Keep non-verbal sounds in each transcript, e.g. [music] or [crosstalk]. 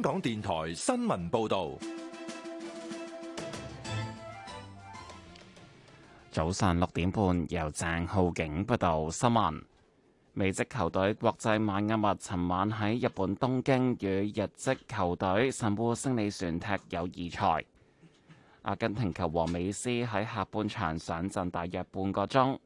香港電台新聞報道。早上六點半，由鄭浩景報道新聞。美職球隊國際邁阿密尋晚喺日本東京與日職球隊神戶勝利船踢友誼賽。阿根廷球王美斯喺下半場上陣大約半個鐘。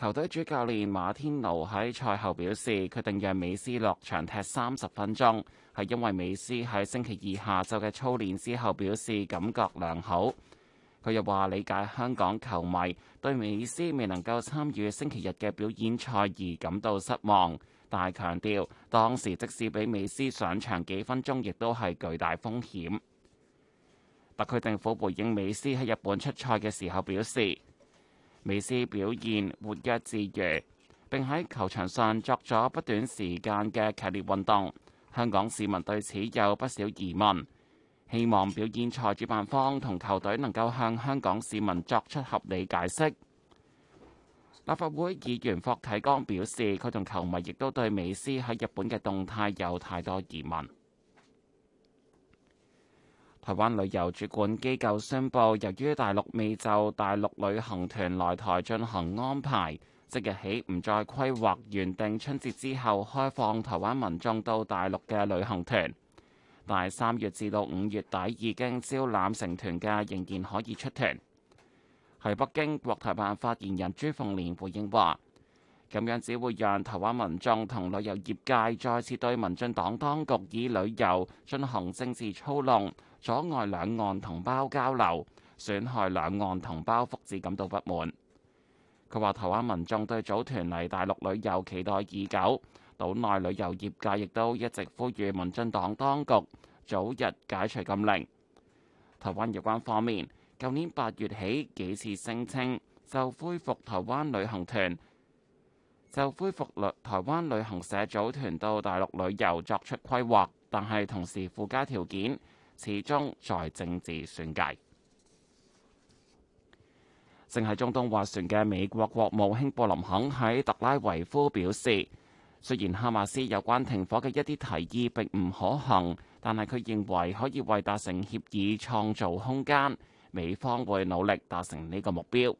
球隊主教練馬天奴喺賽後表示，決定讓美斯落場踢三十分鐘，係因為美斯喺星期二下晝嘅操練之後表示感覺良好。佢又話理解香港球迷對美斯未能夠參與星期日嘅表演賽而感到失望，但係強調當時即使俾美斯上場幾分鐘，亦都係巨大風險。特區政府回應美斯喺日本出賽嘅時候表示。美斯表現活躍自如，並喺球場上作咗不短時間嘅劇烈運動。香港市民對此有不少疑問，希望表演賽主辦方同球隊能夠向香港市民作出合理解釋。立法會議員霍啟剛表示，佢同球迷亦都對美斯喺日本嘅動態有太多疑問。台灣旅遊主管機構宣布，由於大陸未就大陸旅行團來台進行安排，即日起唔再規劃原定春節之後開放台灣民眾到大陸嘅旅行團。但係三月至到五月底已經招攬成團嘅，仍然可以出團。喺北京，國台辦發言人朱鳳蓮回應話，咁樣只會讓台灣民眾同旅遊業界再次對民進黨當局以旅遊進行政治操弄。阻礙兩岸同胞交流，損害兩岸同胞福祉，感到不滿。佢話：台灣民眾對組團嚟大陸旅遊期待已久，島內旅遊業界亦都一直呼籲民進黨當局早日解除禁令。台灣有關方面舊年八月起幾次聲稱就恢復台灣旅行團，就恢復台台灣旅行社組團到大陸旅遊作出規劃，但係同時附加條件。始終在政治算計。正係中東斡旋嘅美國國務卿布林肯喺特拉維夫表示，雖然哈馬斯有關停火嘅一啲提議並唔可行，但係佢認為可以為達成協議創造空間。美方會努力達成呢個目標。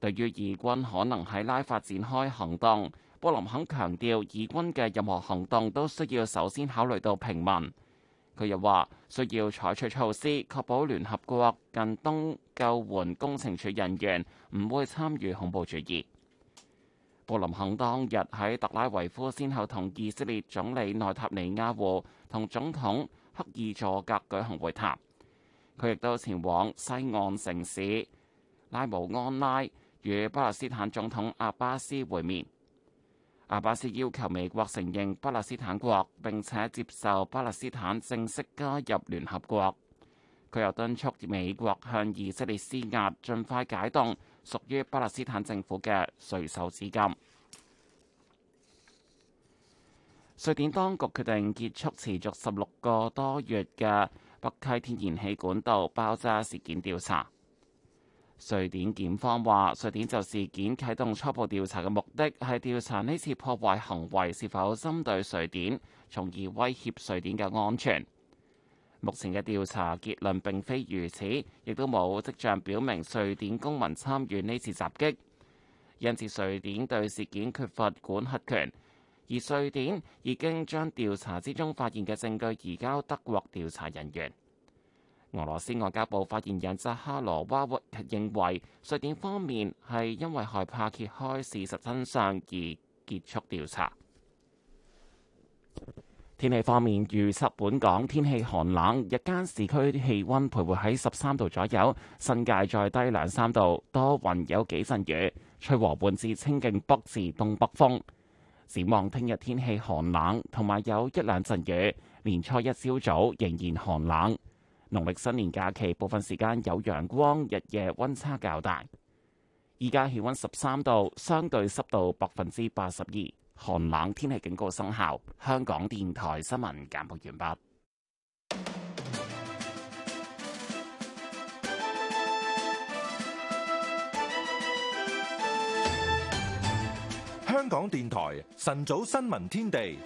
對於以軍可能喺拉法展開行動，布林肯強調，以軍嘅任何行動都需要首先考慮到平民。佢又話：需要採取措施，確保聯合國近東救援工程處人員唔會參與恐怖主義。布林肯當日喺特拉維夫，先後同以色列總理內塔尼亞胡同總統克爾佐格舉行會談。佢亦都前往西岸城市拉姆安拉，與巴勒斯坦總統阿巴斯會面。阿巴斯要求美國承認巴勒斯坦國，並且接受巴勒斯坦正式加入聯合國。佢又敦促美國向以色列施壓，盡快解凍屬於巴勒斯坦政府嘅稅收資金。瑞典當局決定結束持續十六個多月嘅北溪天然氣管道爆炸事件調查。瑞典檢方話，瑞典就事件啟動初步調查嘅目的係調查呢次破壞行為是否針對瑞典，從而威脅瑞典嘅安全。目前嘅調查結論並非如此，亦都冇跡象表明瑞典公民參與呢次襲擊。因此，瑞典對事件缺乏管轄權，而瑞典已經將調查之中發現嘅證據移交德國調查人員。俄羅斯外交部發言人扎哈羅娃認為，瑞典方面係因為害怕揭開事實真相而結束調查。天氣方面，預測本港天氣寒冷，日間市區氣温徘徊喺十三度左右，新界再低兩三度，多雲有幾陣雨，吹和緩至清勁北至東北風。展望聽日天，天氣寒冷，同埋有，有一兩陣雨。年初一朝早，早仍然寒冷。農曆新年假期部分時間有陽光，日夜溫差較大。依家氣溫十三度，相對濕度百分之八十二，寒冷天氣警告生效。香港電台新聞簡報完畢。香港電台晨早新聞天地。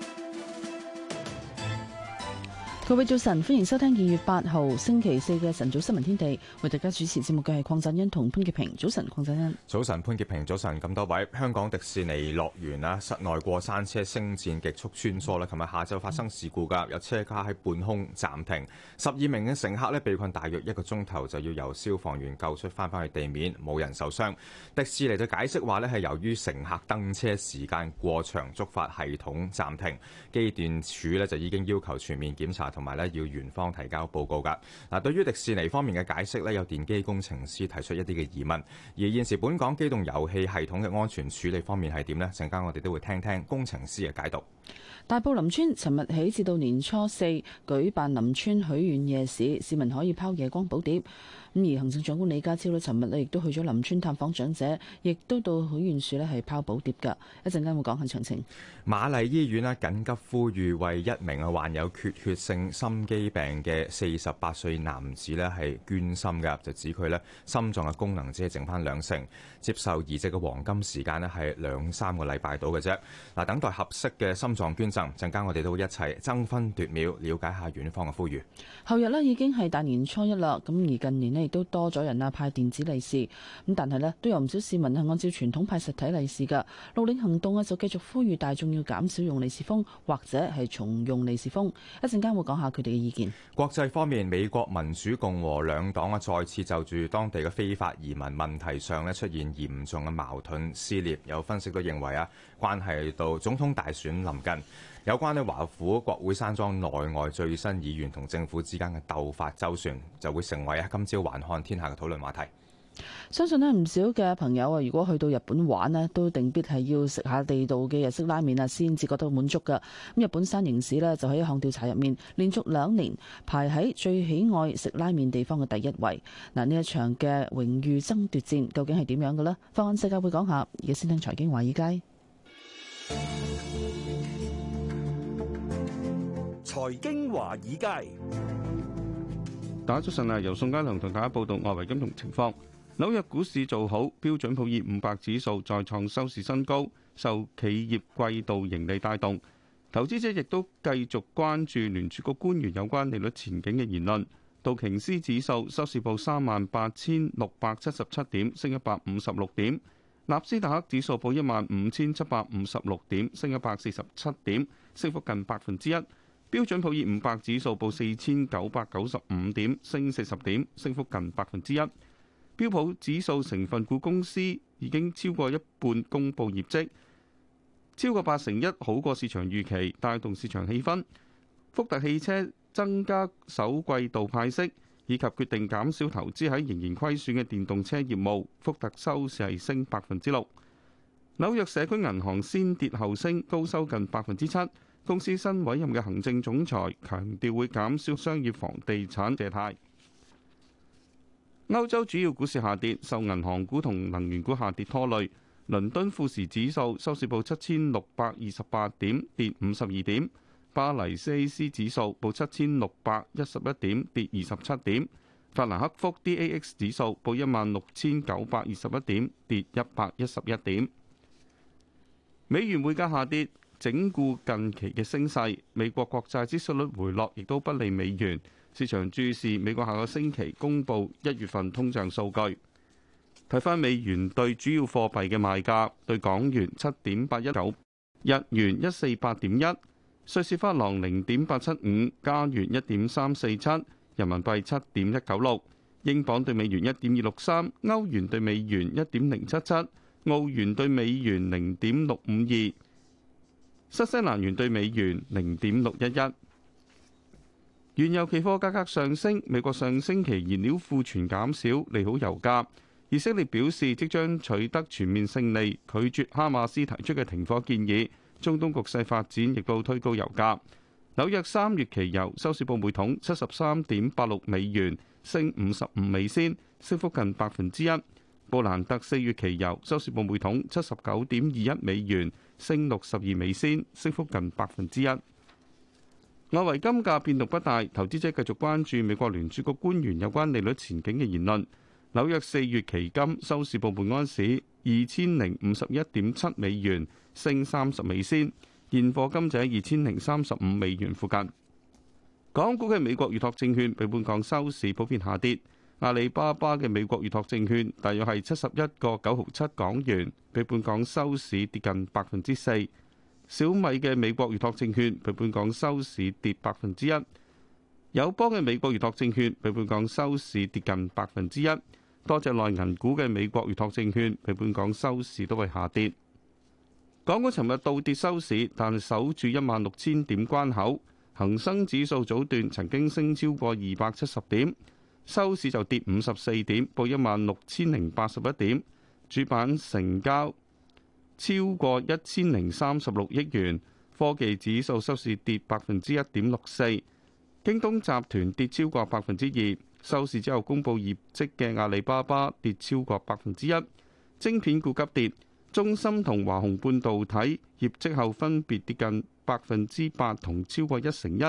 各位早晨，歡迎收聽二月八號星期四嘅晨早新聞天地。為大家主持節目嘅係鄺振恩同潘潔平。早晨，鄺振恩。早晨，潘潔平。早晨，咁多位，香港迪士尼樂園啊，室內過山車星戰極速穿梭啦，琴日下晝發生事故噶，有車卡喺半空暫停，十二名嘅乘客咧，被困大約一個鐘頭，就要由消防員救出翻翻去地面，冇人受傷。迪士尼就解釋話咧係由於乘客登車時間過長，觸發系統暫停。機電署咧就已經要求全面檢查。同埋咧，要原方提交報告噶。嗱，對於迪士尼方面嘅解釋咧，有電機工程師提出一啲嘅疑問。而現時本港機動遊戲系統嘅安全處理方面係點呢？陣間我哋都會聽聽工程師嘅解讀。大埔林村尋日起至到年初四舉辦林村許願夜市，市民可以拋夜光寶碟。咁而行政長官李家超咧，尋日咧亦都去咗林村探訪長者，亦都到許願樹咧係拋寶牒嘅。一陣間會講下詳情。瑪麗醫院咧緊急呼籲為一名係患有缺血,血性心肌病嘅四十八歲男子咧係捐心嘅，就指佢咧心臟嘅功能只係剩返兩成，接受移植嘅黃金時間咧係兩三個禮拜到嘅啫。嗱，等待合適嘅心臟捐贈，陣間我哋都會一齊爭分奪秒了解下院方嘅呼籲。後日咧已經係大年初一啦，咁而近年咧。亦都多咗人啊，派電子利是咁，但係呢都有唔少市民係按照傳統派實體利是噶。綠領行動啊，就繼續呼籲大眾要減少用利是封，或者係重用利是封。一陣間會講下佢哋嘅意見。國際方面，美國民主共和兩黨啊，再次就住當地嘅非法移民問題上呢出現嚴重嘅矛盾撕裂，有分析都認為啊，關係到總統大選臨近。有關咧華府國會山莊內外最新議員同政府之間嘅鬥法周旋，就會成為啊今朝環看天下嘅討論話題。相信咧唔少嘅朋友啊，如果去到日本玩咧，都定必係要食下地道嘅日式拉麵啊，先至覺得滿足㗎。咁日本山形市咧，就喺一項調查入面，連續兩年排喺最喜愛食拉麵地方嘅第一位。嗱，呢一場嘅榮譽爭奪戰，究竟係點樣嘅呢？放眼世界會講下，而家先聽財經華爾街。財經華爾街，大家早晨啊，由宋嘉良同大家報道外圍金融情況。紐約股市做好，標準普爾五百指數再創收市新高，受企業季度盈利帶動。投資者亦都繼續關注聯儲局官員有關利率前景嘅言論。道瓊斯指數收市報三萬八千六百七十七點，升一百五十六點。納斯達克指數報一萬五千七百五十六點，升一百四十七點，升幅近百分之一。標準普爾五百指數報四千九百九十五點，升四十點，升幅近百分之一。標普指數成分股公司已經超過一半公布業績，超過八成一好過市場預期，帶動市場氣氛。福特汽車增加首季度派息，以及決定減少投資喺仍然虧損嘅電動車業務。福特收市係升百分之六。紐約社區銀行先跌後升，高收近百分之七。公司新委任嘅行政總裁強調會減少商業房地產借貸。歐洲主要股市下跌，受銀行股同能源股下跌拖累。倫敦富時指數收市報七千六百二十八點，跌五十二點；巴黎 CAC 指數報七千六百一十一點，跌二十七點；法蘭克福 DAX 指數報一萬六千九百二十一點，跌一百一十一點。美元匯價下跌。整固近期嘅升勢，美國國債孳息率回落，亦都不利美元。市場注視美國下個星期公佈一月份通脹數據。睇翻美元對主要貨幣嘅賣價，對港元七點八一九，日元一四八點一，瑞士法郎零點八七五，加元一點三四七，人民幣七點一九六，英鎊對美元一點二六三，歐元對美元一點零七七，澳元對美元零點六五二。新西蘭元對美元零點六一一，原油期貨價格上升，美國上星期燃料庫存減少，利好油價。以色列表示即將取得全面勝利，拒絕哈馬斯提出嘅停火建議。中東局勢發展亦都推高油價。紐約三月期油收市報每桶七十三點八六美元，升五十五美仙，升幅近百分之一。布蘭特四月期油收市報每桶七十九點二一美元，升六十二美仙，升幅近百分之一。外圍金價變動不大，投資者繼續關注美國聯儲局官員有關利率前景嘅言論。紐約四月期金收市報每安士二千零五十一點七美元，升三十美仙，現貨金就喺二千零三十五美元附近。港股嘅美國預託證券比本港收市普遍下跌。阿里巴巴嘅美國預託證券大約係七十一個九毫七港元，比本港收市跌近百分之四。小米嘅美國預託證券比本港收市跌百分之一。友邦嘅美國預託證券比本港收市跌近百分之一。多隻內銀股嘅美國預託證券比本港收市都會下跌。港股尋日倒跌收市，但守住一萬六千點關口。恒生指數早段曾經升超過二百七十點。收市就跌五十四點，報一萬六千零八十一點。主板成交超過一千零三十六億元。科技指數收市跌百分之一點六四。京東集團跌超過百分之二。收市之後公佈業績嘅阿里巴巴跌超過百分之一。晶片股急跌，中芯同華虹半導體業績後分別跌近百分之八同超過一成一。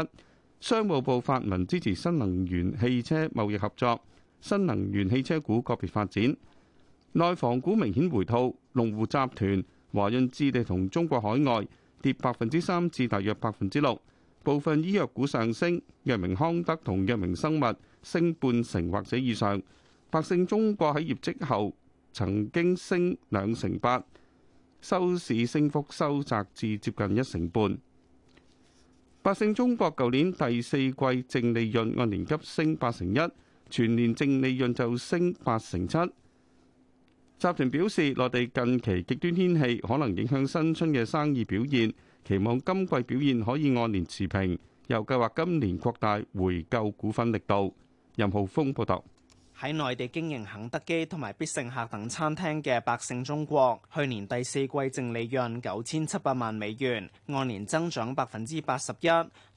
商務部發文支持新能源汽車貿易合作，新能源汽車股個別發展。內房股明顯回吐，龍湖集團、華潤置地同中國海外跌百分之三至大約百分之六。部分醫藥股上升，藥明康德同藥明生物升半成或者以上。百勝中國喺業績後曾經升兩成八，收市升幅收窄至接近一成半。百勝中國舊年第四季淨利潤按年急升八成一，全年淨利潤就升八成七。集團表示，內地近期極端天氣可能影響新春嘅生意表現，期望今季表現可以按年持平，又計劃今年擴大回購股份力度。任浩峰報道。喺內地經營肯德基同埋必勝客等餐廳嘅百勝中國，去年第四季淨利潤九千七百萬美元，按年增長百分之八十一。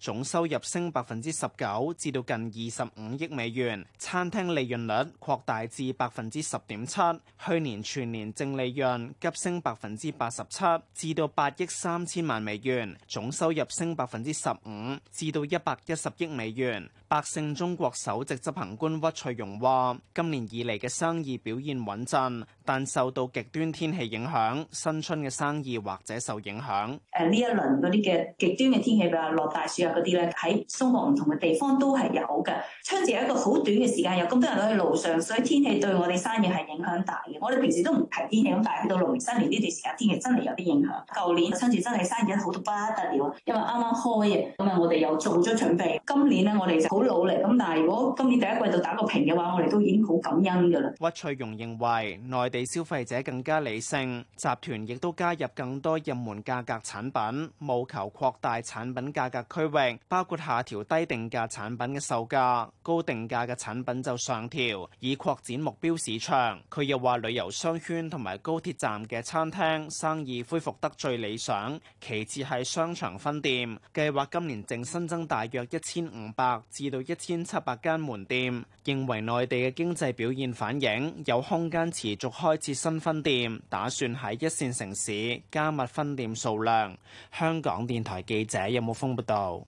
總收入升百分之十九，至到近二十五億美元。餐廳利潤率擴大至百分之十點七。去年全年淨利潤急升百分之八十七，至到八億三千萬美元。總收入升百分之十五，至到一百一十億美元。百勝中國首席執行官屈翠容話：今年以嚟嘅生意表現穩陣，但受到極端天氣影響，新春嘅生意或者受影響。誒呢一輪嗰啲嘅極端嘅天氣，譬如落大雪。嗰啲咧喺中國唔同嘅地方都係有嘅。春節一個好短嘅時間，有咁多人喺路上，所以天氣對我哋生意係影響大嘅。我哋平時都唔睇天氣，咁但係去到農曆新年呢段時間天氣真係有啲影響。舊年春節真係生意好到不得了，因為啱啱開嘅，咁啊我哋又做咗準備。今年呢，我哋就好努力，咁但係如果今年第一季度打個平嘅話，我哋都已經好感恩噶啦。屈翠容認為，內地消費者更加理性，集團亦都加入更多入門價格產品，務求擴大產品價格區域。包括下調低定價產品嘅售價，高定價嘅產品就上調，以擴展目標市場。佢又話，旅遊商圈同埋高鐵站嘅餐廳生意恢復得最理想，其次係商場分店。計劃今年淨新增大約一千五百至到一千七百間門店，認為內地嘅經濟表現反映有空間持續開設新分店，打算喺一線城市加密分店數量。香港電台記者任木峰報道。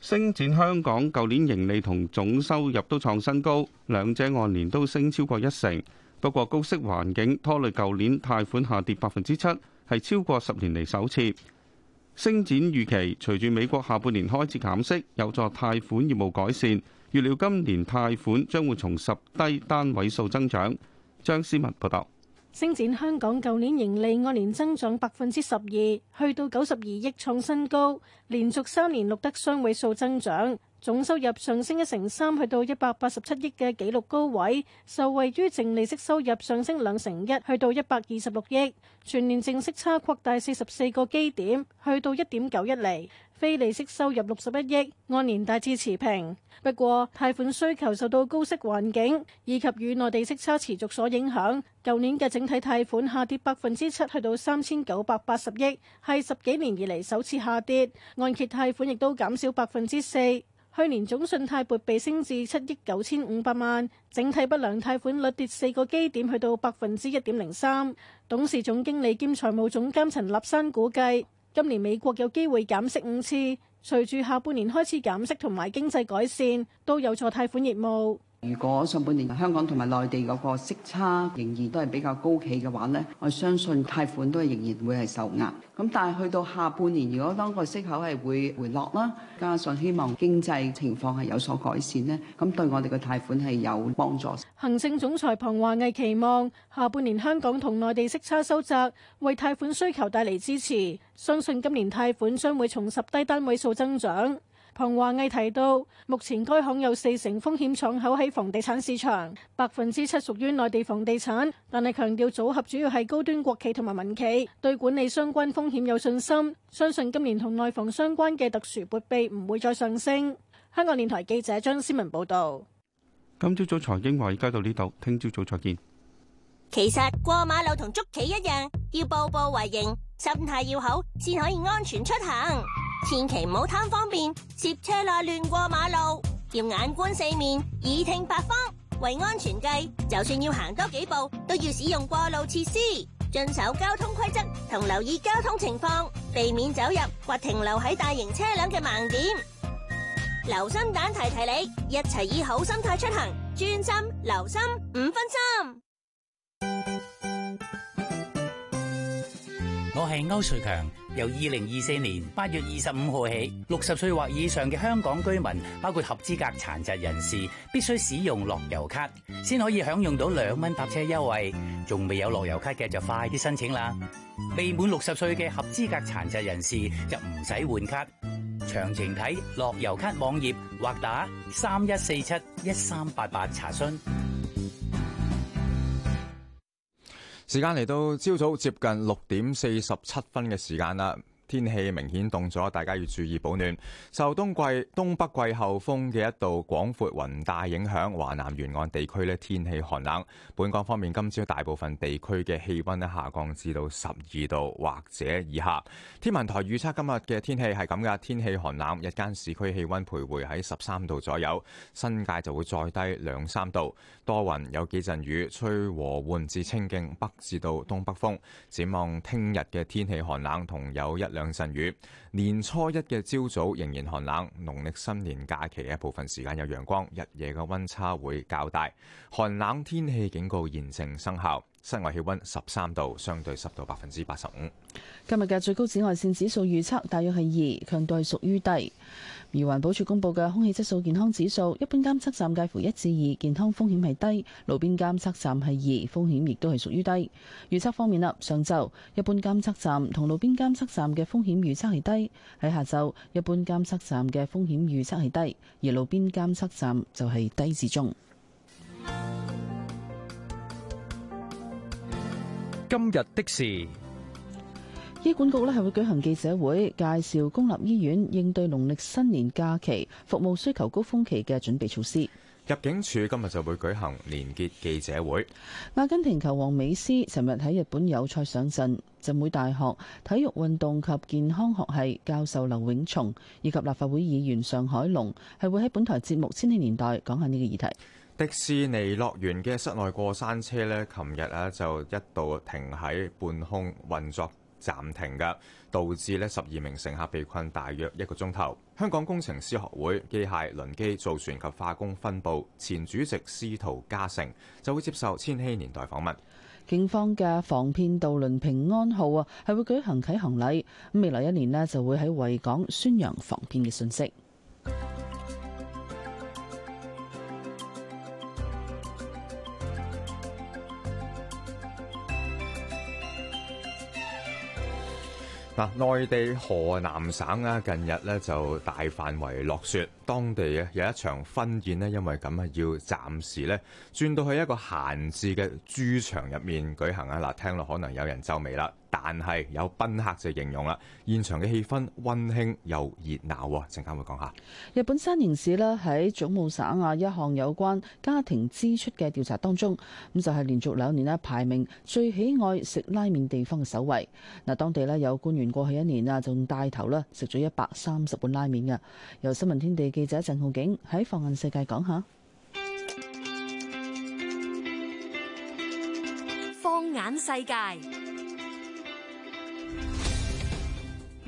星展香港舊年盈利同總收入都創新高，兩者按年都升超過一成。不過高息環境拖累舊年貸款下跌百分之七，係超過十年嚟首次。星展預期隨住美國下半年開始減息，有助貸款業務改善。預料今年貸款將會從十低單位數增長。張思文報道。星展香港舊年盈利按年增長百分之十二，去到九十二億創新高，連續三年錄得雙位數增長。總收入上升一成三，去到一百八十七億嘅紀錄高位，受惠於淨利息收入上升兩成一，去到一百二十六億。全年淨息差擴大四十四個基點，去到一點九一厘。非利息收入六十一億，按年大致持平。不過，貸款需求受到高息環境以及與內地息差持續所影響，舊年嘅整體貸款下跌百分之七，去到三千九百八十億，係十幾年以嚟首次下跌。按揭貸款亦都減少百分之四。去年總信貸撥備升至七億九千五百萬，整體不良貸款率跌四個基點，去到百分之一點零三。董事總經理兼財務總監陳立山估計，今年美國有機會減息五次，隨住下半年開始減息同埋經濟改善，都有助貸款業務。如果上半年香港同埋內地嗰個息差仍然都係比較高企嘅話呢，我相信貸款都係仍然會係受壓，咁但係去到下半年，如果當個息口係會回落啦，加上希望經濟情況係有所改善咧，咁對我哋嘅貸款係有幫助。行政總裁彭華毅期望下半年香港同內地息差收窄，為貸款需求帶嚟支持。相信今年貸款將會重拾低單位數增長。龐華毅提到，目前該行有四成風險敞口喺房地產市場，百分之七屬於內地房地產，但係強調組合主要係高端國企同埋民企，對管理相關風險有信心，相信今年同內房相關嘅特殊撥備唔會再上升。香港電台記者張思文報道。今朝早財經話要交到呢度，聽朝早，早再見。其實過馬路同捉棋一樣，要步步為營，心態要好，先可以安全出行。千祈唔好貪方便，涉車內亂過馬路，要眼觀四面，耳聽八方。為安全計，就算要行多幾步，都要使用過路設施，遵守交通規則，同留意交通情況，避免走入或停留喺大型車輛嘅盲點。留心蛋提提你，一齊以好心態出行，專心留心，五分心。我係歐瑞強，由二零二四年八月二十五號起，六十歲或以上嘅香港居民，包括合資格殘疾人士，必須使用樂悠卡，先可以享用到兩蚊搭車優惠。仲未有樂悠卡嘅就快啲申請啦。未滿六十歲嘅合資格殘疾人士就唔使換卡。詳情睇樂悠卡網頁或打三一四七一三八八查詢。時間嚟到朝早接近六點四十七分嘅時間啦。天氣明顯凍咗，大家要注意保暖。受冬季東北季候風嘅一道廣闊雲帶影響，華南沿岸地區咧天氣寒冷。本港方面，今朝大部分地區嘅氣温下降至到十二度或者以下。天文台預測今日嘅天氣係咁嘅，天氣寒冷，日間市區氣温徘徊喺十三度左右，新界就會再低兩三度。多雲有幾陣雨，吹和緩至清勁北至到東北風。展望聽日嘅天氣寒冷，同有一兩。降陣雨，年初一嘅朝早仍然寒冷。農曆新年假期一部分時間有陽光，日夜嘅温差會較大。寒冷天氣警告現正生效，室外氣温十三度，相對濕度百分之八十五。今日嘅最高紫外線指數預測，大約係二，強度係屬於低。而環保署公布嘅空氣質素健康指數，一般監測站介乎一至二，健康風險係低；路邊監測站係二，風險亦都係屬於低。預測方面啦，上晝一般監測站同路邊監測站嘅風險預測係低；喺下晝一般監測站嘅風險預測係低，而路邊監測站就係低至中。今日的事。醫管局呢係會舉行記者會，介紹公立醫院應對農曆新年假期服務需求高峰期嘅準備措施。入境處今日就會舉行連結記者會。阿根廷球王美斯尋日喺日本友賽上陣。浸會大學體育運動及健康學系教授劉永松以及立法會議員尚海龍係會喺本台節目《千禧年代》講下呢個議題。迪士尼樂園嘅室內過山車呢，琴日啊就一度停喺半空運作。暫停嘅，導致呢十二名乘客被困大約一個鐘頭。香港工程師學會機械輪機造船及化工分部前主席司徒家成，就會接受千禧年代訪問。警方嘅防騙渡輪平安號啊，係會舉行啟航禮。咁未來一年呢就會喺維港宣揚防騙嘅信息。嗱，內地河南省啊，近日咧就大範圍落雪，當地咧有一場婚宴咧，因為咁啊，要暫時咧轉到去一個閒置嘅豬場入面舉行啊！嗱，聽落可能有人皺眉啦。但係有賓客就形容啦，現場嘅氣氛溫馨又熱鬧。陣間會講下，日本山形市呢喺總務省啊，一項有關家庭支出嘅調查當中，咁就係、是、連續兩年呢排名最喜愛食拉麵地方嘅首位。嗱，當地呢有官員過去一年啊，仲帶頭咧食咗一百三十碗拉麵嘅。由新聞天地記者鄭浩景喺放眼世界講下，放眼世界。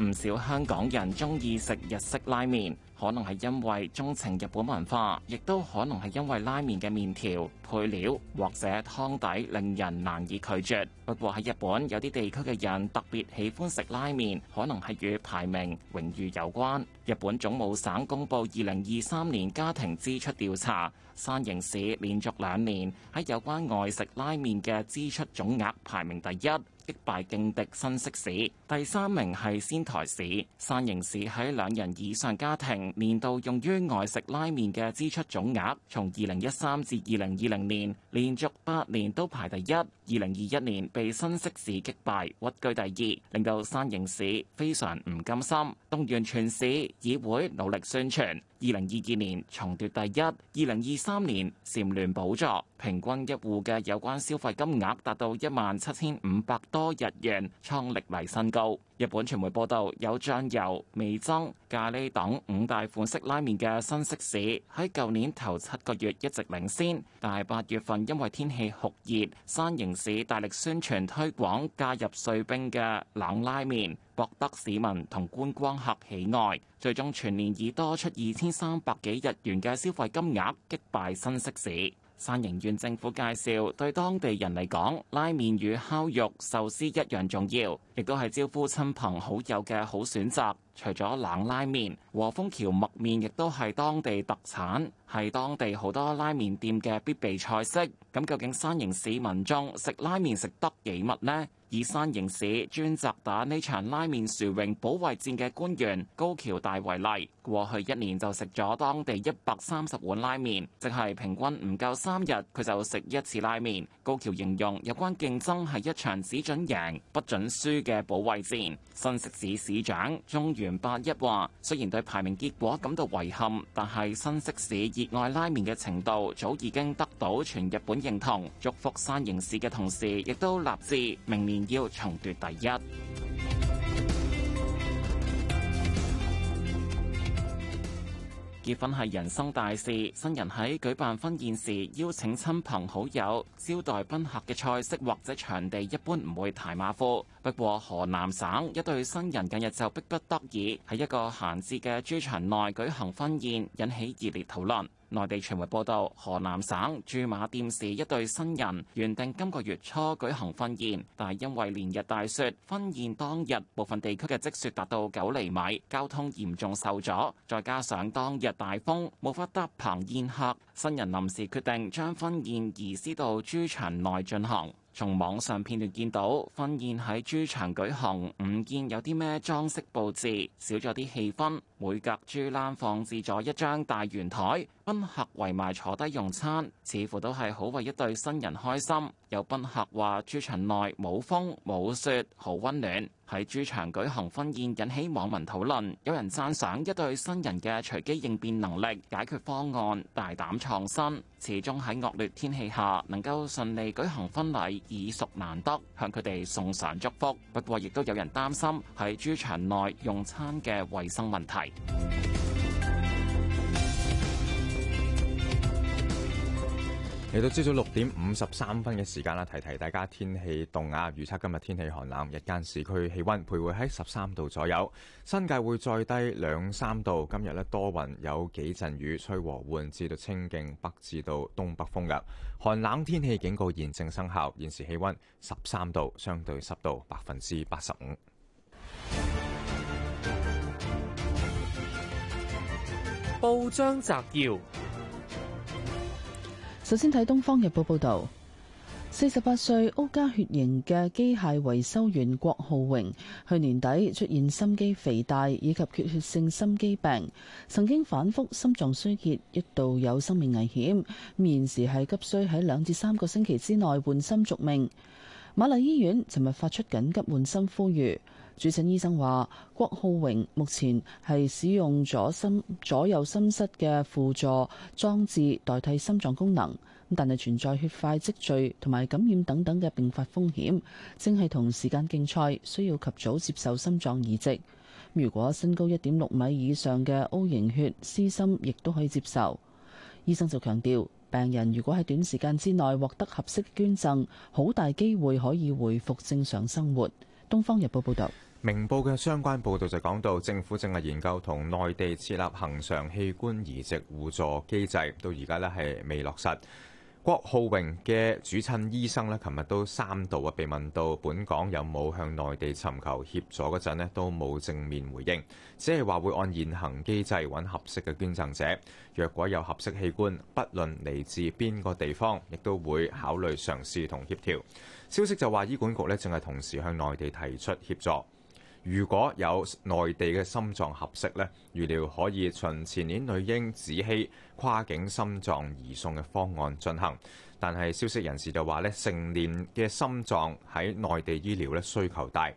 唔少香港人中意食日式拉麵。可能係因為鍾情日本文化，亦都可能係因為拉麵嘅麵條配料或者湯底令人難以拒絕。不過喺日本有啲地區嘅人特別喜歡食拉麵，可能係與排名榮譽有關。日本總務省公布二零二三年家庭支出調查，山形市連續兩年喺有關外食拉麵嘅支出總額排名第一，擊敗勁敵新潟市。第三名係仙台市，山形市喺兩人以上家庭，年度用於外食拉麵嘅支出總額，從二零一三至二零二零年連續八年都排第一。二零二一年被新潟市擊敗，屈居第二，令到山形市非常唔甘心，動員全市議會努力宣傳。二零二二年重奪第一，二零二三年蟬聯寶座，平均一戶嘅有關消費金額達到一萬七千五百多日元，創歷嚟新高。日本傳媒報道，有醬油、味噌、咖喱等五大款式拉麵嘅新色市喺舊年頭七個月一直領先，但係八月份因為天氣酷熱，山形市大力宣傳推廣加入碎冰嘅冷拉麵。博得市民同觀光客喜愛，最終全年以多出二千三百幾日元嘅消費金額擊敗新潟市。山形縣政府介紹，對當地人嚟講，拉麵與烤肉、壽司一樣重要，亦都係招呼親朋好友嘅好選擇。除咗冷拉麵，和風蕎麥麵亦都係當地特產，係當地好多拉麵店嘅必備菜式。咁究竟山形市民中食拉麵食得幾密呢？以山形市專責打呢場拉麵殊榮保衛戰嘅官員高橋大為例，過去一年就食咗當地一百三十碗拉麵，即係平均唔夠三日，佢就食一次拉麵。高橋形容有關競爭係一場只准贏不准輸嘅保衛戰。新食市市長中元八一話：雖然對排名結果感到遺憾，但係新潟市熱愛拉麵嘅程度早已經得到全日本認同。祝福山形市嘅同時，亦都立志明年要重奪第一。結婚係人生大事，新人喺舉辦婚宴時邀請親朋好友、招待賓客嘅菜式或者場地一般唔會太馬虎。不過河南省一對新人近日就迫不得已喺一個閒置嘅豬場內舉行婚宴，引起熱烈討論。內地傳媒報道，河南省駐馬店市一對新人原定今個月初舉行婚宴，但係因為連日大雪，婚宴當日部分地區嘅積雪達到九厘米，交通嚴重受阻，再加上當日大風，冇法搭棚宴客，新人臨時決定將婚宴移師到豬場內進行。從網上片段見到婚宴喺豬場舉行，唔見有啲咩裝飾佈置，少咗啲氣氛。每隔豬欄放置咗一張大圓台。賓客圍埋坐低用餐，似乎都係好為一對新人開心。有賓客話：豬場內冇風冇雪，好溫暖。喺豬場舉行婚宴引起網民討論，有人讚賞一對新人嘅隨機應變能力、解決方案、大膽創新。始終喺惡劣天氣下能夠順利舉行婚禮已屬難得，向佢哋送上祝福。不過亦都有人擔心喺豬場內用餐嘅衛生問題。嚟到朝早六點五十三分嘅時間啦，提提大家天氣凍啊！預測今日天氣寒冷，日間市區氣溫徘徊喺十三度左右，新界會再低兩三度。今日呢多雲，有幾陣雨，吹和緩至到清勁北至到東北風噶。寒冷天氣警告現正生效，現時氣溫十三度，相對濕度百分之八十五。報章摘要。首先睇《東方日報》報道，四十八歲屋家血型嘅機械維修員郭浩榮，去年底出現心肌肥大以及缺血性心肌病，曾經反覆心臟衰竭，一度有生命危險。現時係急需喺兩至三個星期之內換心續命。瑪麗醫院尋日發出緊急換心呼籲。主診醫生話：郭浩榮目前係使用咗心左右心室嘅輔助裝置代替心臟功能，但係存在血塊積聚同埋感染等等嘅併發風險，正係同時間競賽，需要及早接受心臟移植。如果身高一點六米以上嘅 O 型血屍心，亦都可以接受。醫生就強調，病人如果喺短時間之內獲得合適捐贈，好大機會可以回復正常生活。《東方日報》報導。明報嘅相關報道就講到，政府正係研究同內地設立恒常器官移植互助機制，到而家呢，係未落實。郭浩榮嘅主診醫生呢，琴日都三度啊被問到本港有冇向內地尋求協助嗰陣呢，都冇正面回應，只係話會按現行機制揾合適嘅捐贈者。若果有合適器官，不論嚟自邊個地方，亦都會考慮嘗試同協調。消息就話，醫管局呢，正係同時向內地提出協助。如果有內地嘅心臟合適咧，預料可以循前年女嬰子希跨境心臟移送嘅方案進行。但係消息人士就話咧，成年嘅心臟喺內地醫療咧需求大，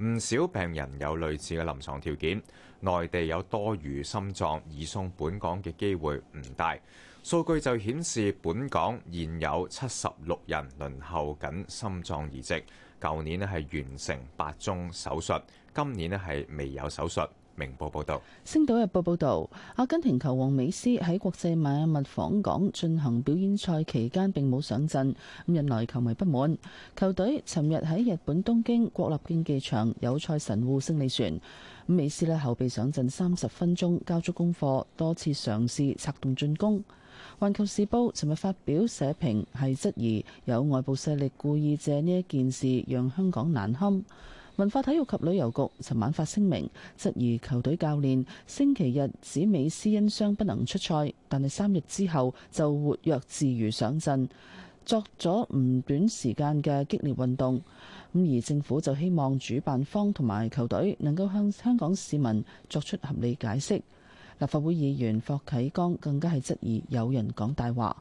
唔少病人有類似嘅臨床條件，內地有多餘心臟移送本港嘅機會唔大。數據就顯示本港現有七十六人輪候緊心臟移植，舊年咧係完成八宗手術。今年呢，係未有手術。明報報道。《星島日報》報道，阿根廷球王美斯喺國際邁阿密訪港進行表演賽期間並冇上陣，咁引來球迷不滿。球隊尋日喺日本東京國立競技場有賽神戶勝利船。咁美斯呢，後備上陣三十分鐘，交足功課，多次嘗試策動進攻。《環球時報》尋日發表社評，係質疑有外部勢力故意借呢一件事讓香港難堪。文化體育及旅遊局尋晚發聲明，質疑球隊教練星期日指美斯因傷不能出賽，但係三日之後就活躍自如上陣，作咗唔短時間嘅激烈運動。咁而政府就希望主辦方同埋球隊能夠向香港市民作出合理解釋。立法會議員霍啟剛更加係質疑有人講大話。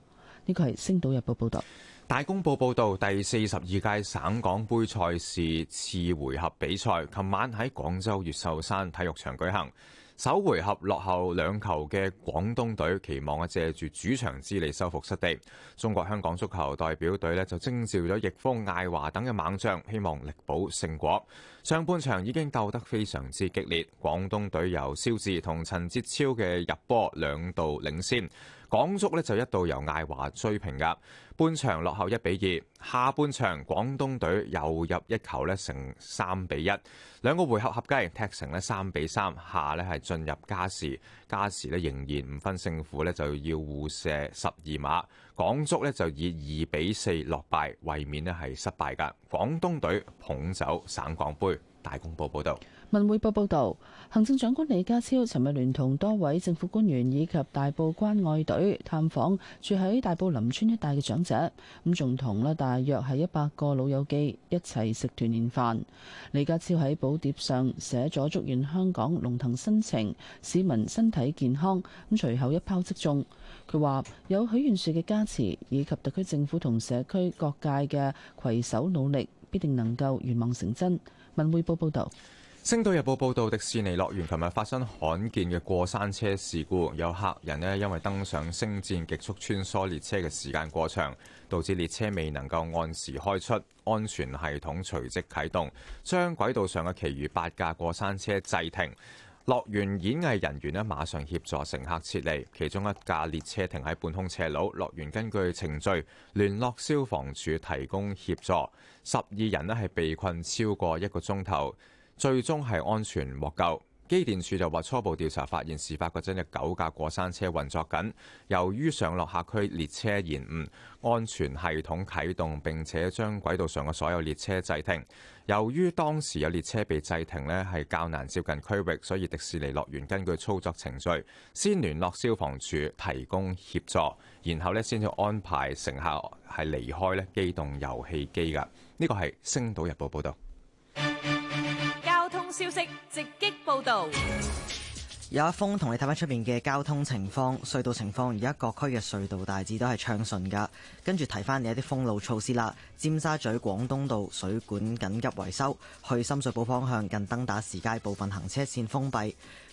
呢個係《星島日報》報導。大公報報導，第四十二屆省港杯賽事次回合比賽，琴晚喺廣州越秀山體育場舉行。首回合落後兩球嘅廣東隊，期望借住主場之利收復失地。中國香港足球代表隊呢就徵召咗易峰、艾華等嘅猛將，希望力保勝果。上半場已經鬥得非常之激烈，廣東隊由肖智同陳哲超嘅入波兩度領先。港足就一度由艾華追平噶，半場落後一比二，下半場廣東隊又入一球成三比一，兩個回合合計踢成三比三，下咧係進入加時，加時仍然唔分勝負就要互射十二碼，港足就以二比四落敗，衛冕咧係失敗噶，廣東隊捧走省港杯。大公報報道。文匯報報道，行政長官李家超尋日聯同多位政府官員以及大埔關愛隊探訪住喺大埔林村一帶嘅長者，咁仲同呢大約係一百個老友記一齊食團年飯。李家超喺寶碟上寫咗祝願香港龍騰新情，市民身體健康，咁隨後一拋即中。佢話有許願樹嘅加持，以及特區政府同社區各界嘅攜手努力，必定能夠願望成真。文匯報報道。星島日報報道，迪士尼樂園琴日發生罕見嘅過山車事故，有客人咧因為登上《星戰極速穿梭列車》嘅時間過長，導致列車未能夠按時開出，安全系統隨即啟動，將軌道上嘅其餘八架過山車制停。樂園演藝人員咧馬上協助乘客撤離，其中一架列車停喺半空斜路。樂園根據程序聯絡消防處提供協助，十二人咧係被困超過一個鐘頭。最終係安全獲救。機電處就話初步調查發現，事發嗰陣有九架過山車運作緊。由於上落客區列車延誤，安全系統啟動，並且將軌道上嘅所有列車制停。由於當時有列車被制停呢，係較難接近區域，所以迪士尼樂園根據操作程序，先聯絡消防處提供協助，然後呢先至安排乘客係離開呢機動遊戲機噶。呢個係《星島日報》報道。有一封同你睇翻出面嘅交通情況、隧道情況，而家各區嘅隧道大致都係暢順噶。跟住提翻你一啲封路措施啦。尖沙咀廣東道水管緊急維修，去深水埗方向近登打士街部分行車線封閉。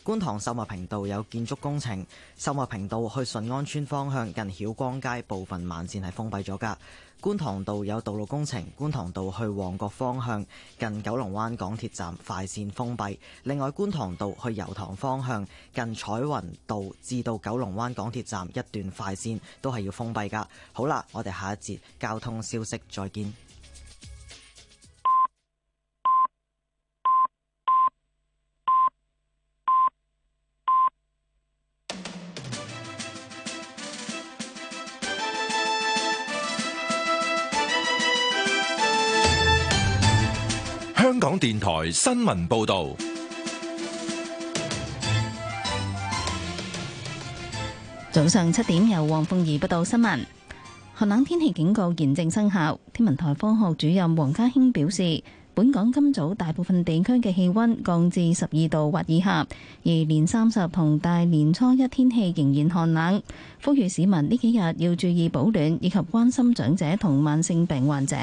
觀塘秀茂坪道有建築工程，秀茂坪道去順安村方向近曉光街部分慢線係封閉咗㗎。觀塘道有道路工程，觀塘道去旺角方向近九龍灣港鐵站快線封閉。另外，觀塘道去油塘方向近彩雲道至到九龍灣港鐵站一段快線都係要封閉㗎。好啦，我哋下一節交通消息再見。香港電台新聞報道，早上七點由黃鳳儀報道新聞。寒冷天氣警告現正生效。天文台科學主任黃家興表示，本港今早大部分地區嘅氣溫降至十二度或以下，而年三十同大年初一天氣仍然寒冷。呼籲市民呢幾日要注意保暖，以及關心長者同慢性病患者。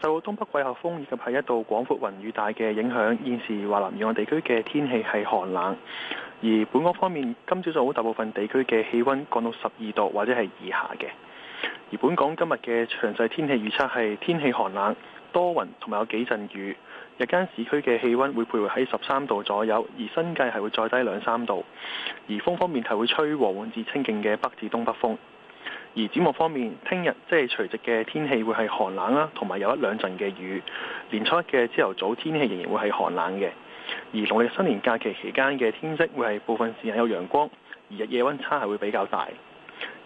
受東北季候風以及係一道廣闊雲雨帶嘅影響，現時華南沿岸地區嘅天氣係寒冷。而本港方面，今朝早好大部分地區嘅氣温降到十二度或者係以下嘅。而本港今日嘅詳細天氣預測係天氣寒冷、多雲同埋有幾陣雨。日間市區嘅氣温會徘徊喺十三度左右，而新界係會再低兩三度。而風方面係會吹和緩至清勁嘅北至東北風。而展望方面，聽日即係除夕嘅天氣會係寒冷啦，同埋有一兩陣嘅雨。年初一嘅朝頭早天氣仍然會係寒冷嘅。而農曆新年假期期間嘅天色會係部分時間有陽光，而日夜温差係會比較大。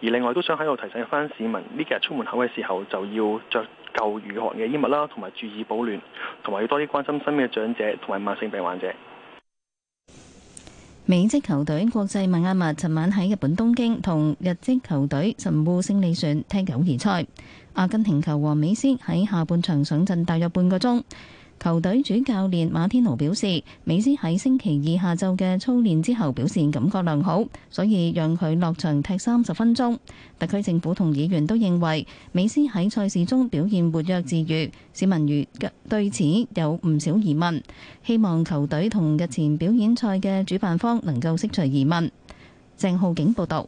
而另外都想喺度提醒返市民，呢幾日出門口嘅時候就要著夠禦寒嘅衣物啦，同埋注意保暖，同埋要多啲關心身邊嘅長者同埋慢性病患者。美職球隊國際邁阿密尋晚喺日本東京同日職球隊神戶勝利船踢友誼賽，阿根廷球王美斯喺下半場上陣大約半個鐘。球隊主教練馬天奴表示，美斯喺星期二下晝嘅操練之後表現感覺良好，所以讓佢落場踢三十分鐘。特區政府同議員都認為美斯喺賽事中表現活躍自如，市民如對此有唔少疑問，希望球隊同日前表演賽嘅主辦方能夠釋除疑問。鄭浩景報道。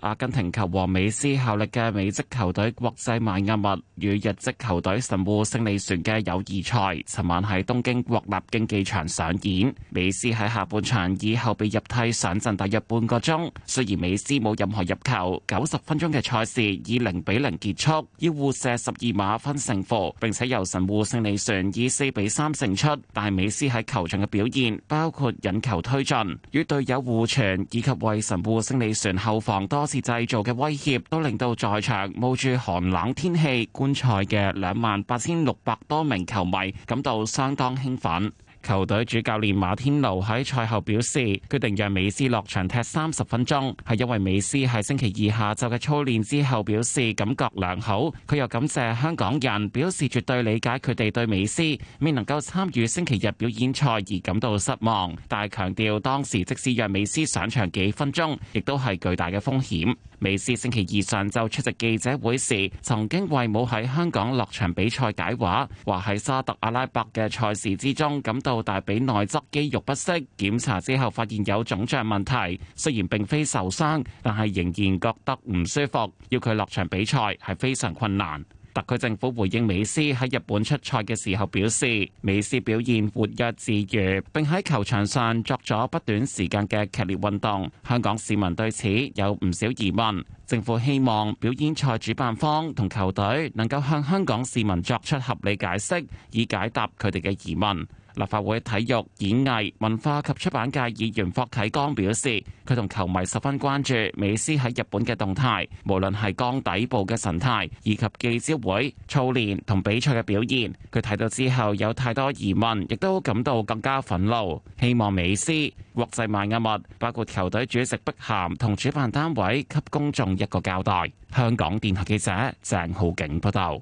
阿根廷球王美斯效力嘅美職球隊國際邁阿密與日職球隊神戶勝利船嘅友誼賽，尋晚喺東京國立競技場上演。美斯喺下半場以後被入替上陣大約半個鐘，雖然美斯冇任何入球，九十分鐘嘅賽事以零比零結束。要互射十二碼分勝負，並且由神戶勝利船以四比三勝出。但係美斯喺球場嘅表現，包括引球推進、與隊友互傳以及為神戶勝利船後防多是製造嘅威脅，都令到在場冒住寒冷天氣觀賽嘅兩萬八千六百多名球迷感到相當興奮。球隊主教練馬天奴喺賽後表示，決定讓美斯落場踢三十分鐘，係因為美斯喺星期二下晝嘅操練之後表示感覺良好。佢又感謝香港人，表示絕對理解佢哋對美斯未能夠參與星期日表演賽而感到失望，但係強調當時即使讓美斯上場幾分鐘，亦都係巨大嘅風險。美斯星期二上晝出席記者會時，曾經為冇喺香港落場比賽解話，話喺沙特阿拉伯嘅賽事之中感到大髀內側肌肉不適，檢查之後發現有腫脹問題，雖然並非受傷，但係仍然覺得唔舒服，要佢落場比賽，係非常困難。特區政府回應美斯喺日本出賽嘅時候表示，美斯表現活躍自如，並喺球場上作咗不短時間嘅劇烈運動。香港市民對此有唔少疑問，政府希望表演賽主辦方同球隊能夠向香港市民作出合理解釋，以解答佢哋嘅疑問。立法會體育演藝文化及出版界議員霍啟剛表示，佢同球迷十分關注美斯喺日本嘅動態，無論係降底部嘅神態，以及記者會操練同比賽嘅表現，佢睇到之後有太多疑問，亦都感到更加憤怒，希望美斯、國際邁阿密，包括球隊主席碧鹹同主辦單位，給公眾一個交代。香港電台記者鄭浩景報道。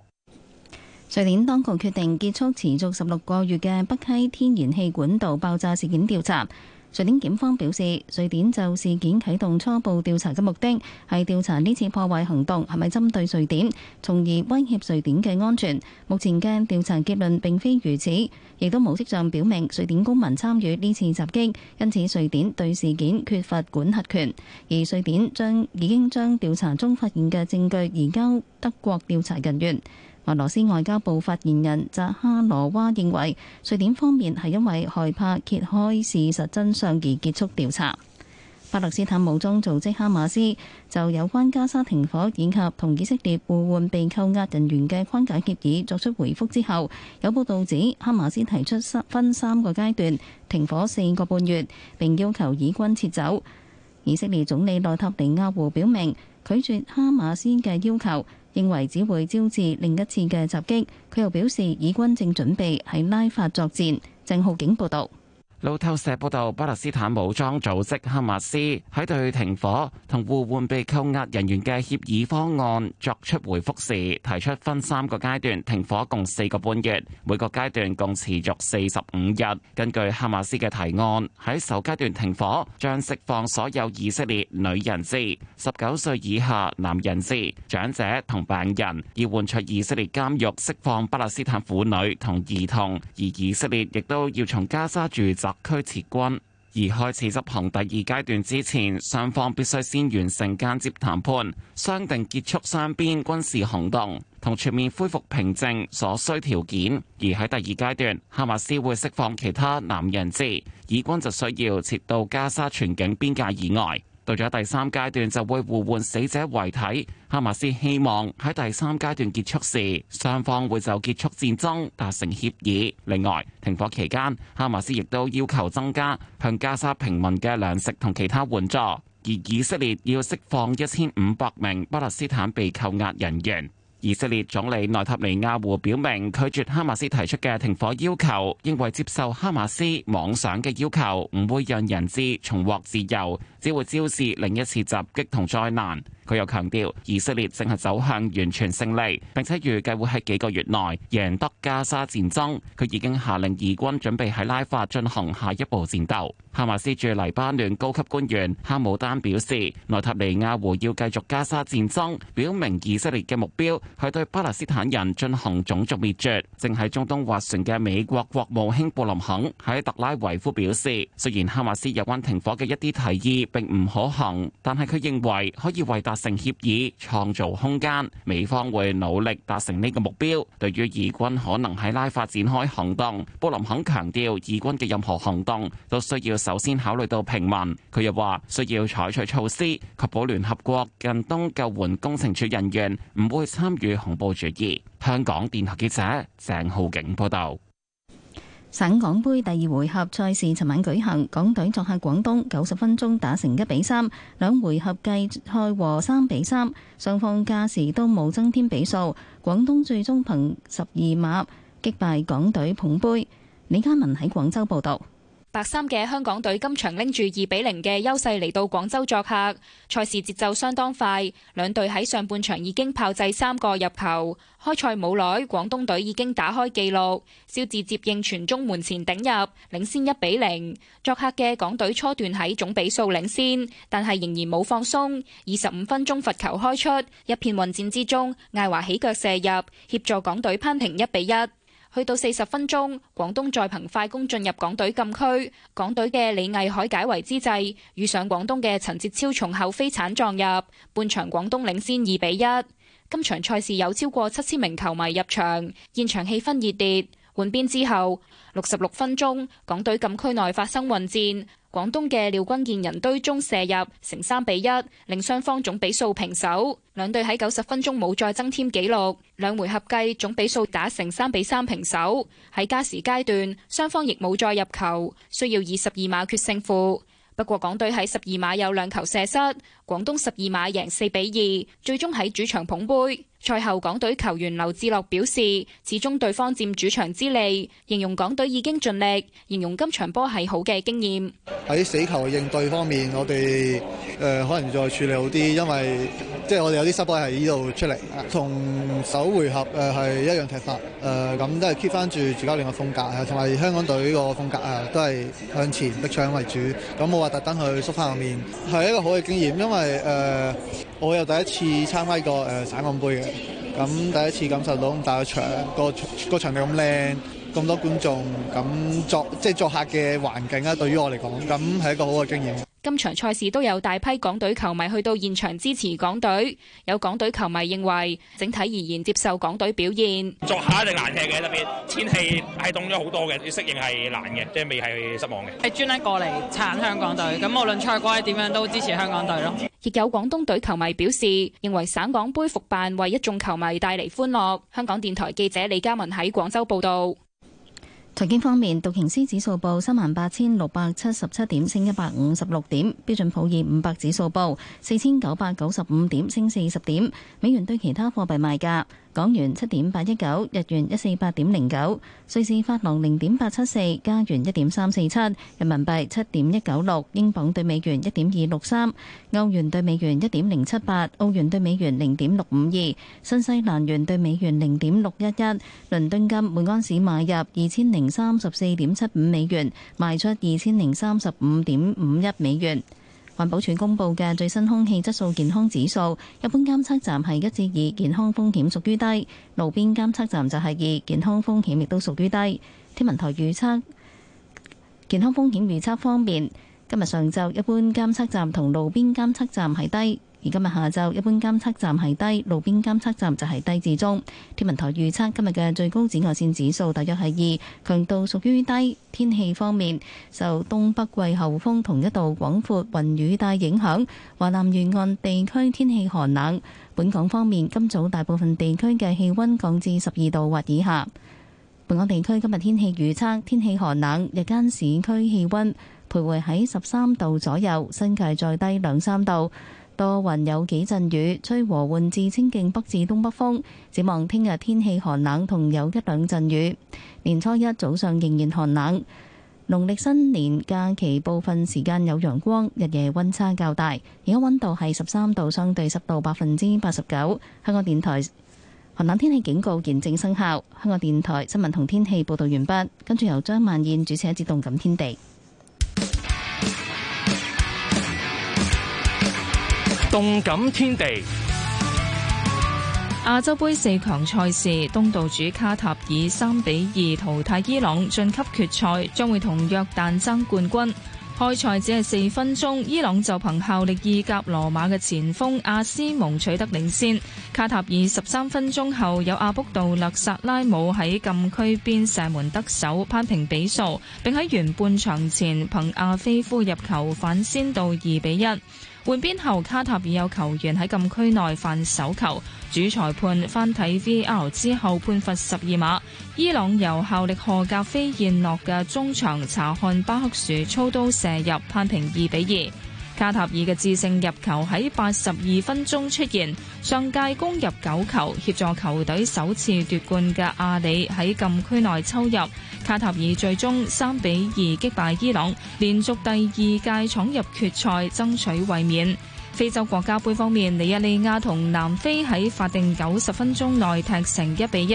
瑞典當局決定結束持續十六個月嘅北溪天然氣管道爆炸事件調查。瑞典警方表示，瑞典就事件啟動初步調查嘅目的係調查呢次破壞行動係咪針對瑞典，從而威脅瑞典嘅安全。目前嘅調查結論並非如此，亦都冇跡象表明瑞典公民參與呢次襲擊，因此瑞典對事件缺乏管轄權。而瑞典將已經將調查中發現嘅證據移交德國調查人員。俄羅斯外交部發言人扎哈羅娃認為，瑞典方面係因為害怕揭開事實真相而結束調查。巴勒斯坦武裝組織哈馬斯就有關加沙停火以及同以色列互換被扣押人員嘅框架協議作出回覆之後，有報道指哈馬斯提出分三個階段停火四個半月，並要求以軍撤走。以色列總理內塔尼亞胡表明拒絕哈馬斯嘅要求。認為只會招致另一次嘅襲擊。佢又表示，以軍正準備喺拉法作戰。鄭浩景報道。路透社報道，巴勒斯坦武裝組織哈馬斯喺對停火同互換被扣押人員嘅協議方案作出回覆時，提出分三個階段停火，共四個半月，每個階段共持續四十五日。根據哈馬斯嘅提案，喺首階段停火，將釋放所有以色列女人質、十九歲以下男人質、長者同病人，要換取以色列監獄釋放巴勒斯坦婦女同兒童。而以色列亦都要從加沙住。撤軍而開始執行第二階段之前，雙方必須先完成間接談判，商定結束雙邊軍事行動同全面恢復平靜所需條件。而喺第二階段，哈馬斯會釋放其他男人質，以軍就需要撤到加沙全境邊界以外。到咗第三階段就會互換死者遺體，哈馬斯希望喺第三階段結束時，雙方會就結束戰爭達成協議，另外，停火期間哈馬斯亦都要求增加向加沙平民嘅糧食同其他援助，而以色列要釋放一千五百名巴勒斯坦被扣押人員。以色列總理內塔尼亞胡表明拒絕哈馬斯提出嘅停火要求，認為接受哈馬斯妄想嘅要求，唔會讓人質重獲自由，只會招致另一次襲擊同災難。佢又強調，以色列正係走向完全勝利，並且預計會喺幾個月內贏得加沙戰爭。佢已經下令以軍準備喺拉法進行下一步戰鬥。哈馬斯駐黎巴嫩高級官員哈姆丹表示，內塔尼亞胡要繼續加沙戰爭，表明以色列嘅目標。佢對巴勒斯坦人進行種族滅絕，正喺中東斡旋嘅美國國務卿布林肯喺特拉維夫表示，雖然哈馬斯有關停火嘅一啲提議並唔可行，但係佢認為可以為達成協議創造空間。美方會努力達成呢個目標。對於以軍可能喺拉法展開行動，布林肯強調以軍嘅任何行動都需要首先考慮到平民。佢又話需要採取措施確保聯合國近東救援工程處人員唔會參與與恐怖主義。香港電台記者鄭浩景報道。省港杯第二回合賽事尋晚舉行，港隊作客廣東，九十分鐘打成一比三，兩回合計賽和三比三，雙方加時都冇增添比數，廣東最終憑十二碼擊敗港隊捧杯。李嘉文喺廣州報道。白衫嘅香港隊今場拎住二比零嘅優勢嚟到廣州作客，賽事節奏相當快，兩隊喺上半場已經炮製三個入球。開賽冇耐，廣東隊已經打開紀錄，肖智接應傳中門前頂入，領先一比零。作客嘅港隊初段喺總比數領先，但係仍然冇放鬆。二十五分鐘罰球開出，一片混戰之中，艾華起腳射入，協助港隊扳平一比一。去到四十分鐘，廣東再憑快攻進入港隊禁區，港隊嘅李藝海解圍之際，遇上廣東嘅陳哲超從後飛鏟撞入，半場廣東領先二比一。今場賽事有超過七千名球迷入場，現場氣氛熱烈。換邊之後，六十六分鐘，港隊禁區內發生混戰。廣東嘅廖軍健人堆中射入，成三比一，令雙方總比數平手。兩隊喺九十分鐘冇再增添紀錄，兩回合計總比數打成三比三平手。喺加時階段，雙方亦冇再入球，需要以十二碼決勝負。不過港隊喺十二碼有兩球射失，廣東十二碼贏四比二，最終喺主場捧杯。賽後，港隊球員劉志樂表示，始終對方佔主場之利，形容港隊已經盡力，形容今場波係好嘅經驗。喺死球應對方面，我哋誒、呃、可能再處理好啲，因為即係我哋有啲失誤係呢度出嚟。同首回合誒係一樣踢法誒，咁、呃、都係 keep 翻住主教練嘅風格啊，同、呃、埋香港隊個風格啊、呃，都係向前逼搶為主，咁冇話特登去縮翻個面，係一個好嘅經驗，因為誒、呃、我有第一次參加過誒、呃、省港杯嘅。咁第一次感受到咁大個場，個個場地咁靚，咁多觀眾，咁作即係作客嘅環境啊。對於我嚟講，咁係一個好嘅經驗。今場賽事都有大批港隊球迷去到現場支持港隊，有港隊球迷認為整體而言接受港隊表現。作客一定難踢嘅，特別天氣係凍咗好多嘅，要適應係難嘅，即係未係失望嘅。係專登過嚟撐香港隊，咁無論賽果點樣都支持香港隊咯。亦有廣東隊球迷表示，認為省港杯復辦為一眾球迷帶嚟歡樂。香港電台記者李嘉文喺廣州報道。財經方面，道瓊斯指數報三萬八千六百七十七點，升一百五十六點；標準普爾五百指數報四千九百九十五點，升四十點。美元對其他貨幣賣價。港元七點八一九，日元一四八點零九，瑞士法郎零點八七四，加元一點三四七，人民幣七點一九六，英鎊對美元一點二六三，歐元對美元一點零七八，澳元對美元零點六五二，新西蘭元對美元零點六一一，倫敦金每安士買入二千零三十四點七五美元，賣出二千零三十五點五一美元。環保署公布嘅最新空氣質素健康指數，一般監測站係一至二，健康風險屬於低；路邊監測站就係二，健康風險亦都屬於低。天文台預測，健康風險預測方面，今日上晝一般監測站同路邊監測站係低。而今日下晝，一般監測站係低，路邊監測站就係低至中。天文台預測今日嘅最高紫外線指數大約係二，強度屬於低。天氣方面，受東北季候風同一道廣闊雲雨帶影響，華南沿岸地區天氣寒冷。本港方面，今早大部分地區嘅氣溫降至十二度或以下。本港地區今日天氣預測天氣寒冷，日間市區氣溫徘徊喺十三度左右，新界再低兩三度。多雲有幾陣雨，吹和緩至清勁北至東北風。展望聽日天氣寒冷，同有一兩陣雨。年初一早上仍然寒冷。農曆新年假期部分時間有陽光，日夜溫差較大。而家溫度係十三度，相對濕度百分之八十九。香港電台寒冷天氣警告現正生效。香港電台新聞同天氣報道完畢。跟住由張曼燕主持一節《動感天地》。動感天地。亞洲盃四強賽事，東道主卡塔爾三比二淘汰伊朗晉級決賽，將會同約旦爭冠軍。開賽只係四分鐘，伊朗就憑效力意甲羅馬嘅前鋒阿斯蒙取得領先。卡塔爾十三分鐘後，有阿卜杜勒薩拉姆喺禁區邊射門得手，扳平比數，並喺完半場前憑阿菲夫入球反先到二比一。換邊後，卡塔爾有球員喺禁區內犯手球，主裁判翻睇 VAR 之後判罰十二碼。伊朗由效力荷甲飛燕諾嘅中場查漢巴克樹操刀射入攀平二比二，判平二比二。卡塔爾嘅致勝入球喺八十二分鐘出現，上屆攻入九球，協助球隊首次奪冠嘅阿里喺禁區內抽入，卡塔爾最終三比二擊敗伊朗，連續第二屆闖入決賽爭取衛冕。非洲國家杯方面，尼日利亞同南非喺法定九十分鐘內踢成一比一，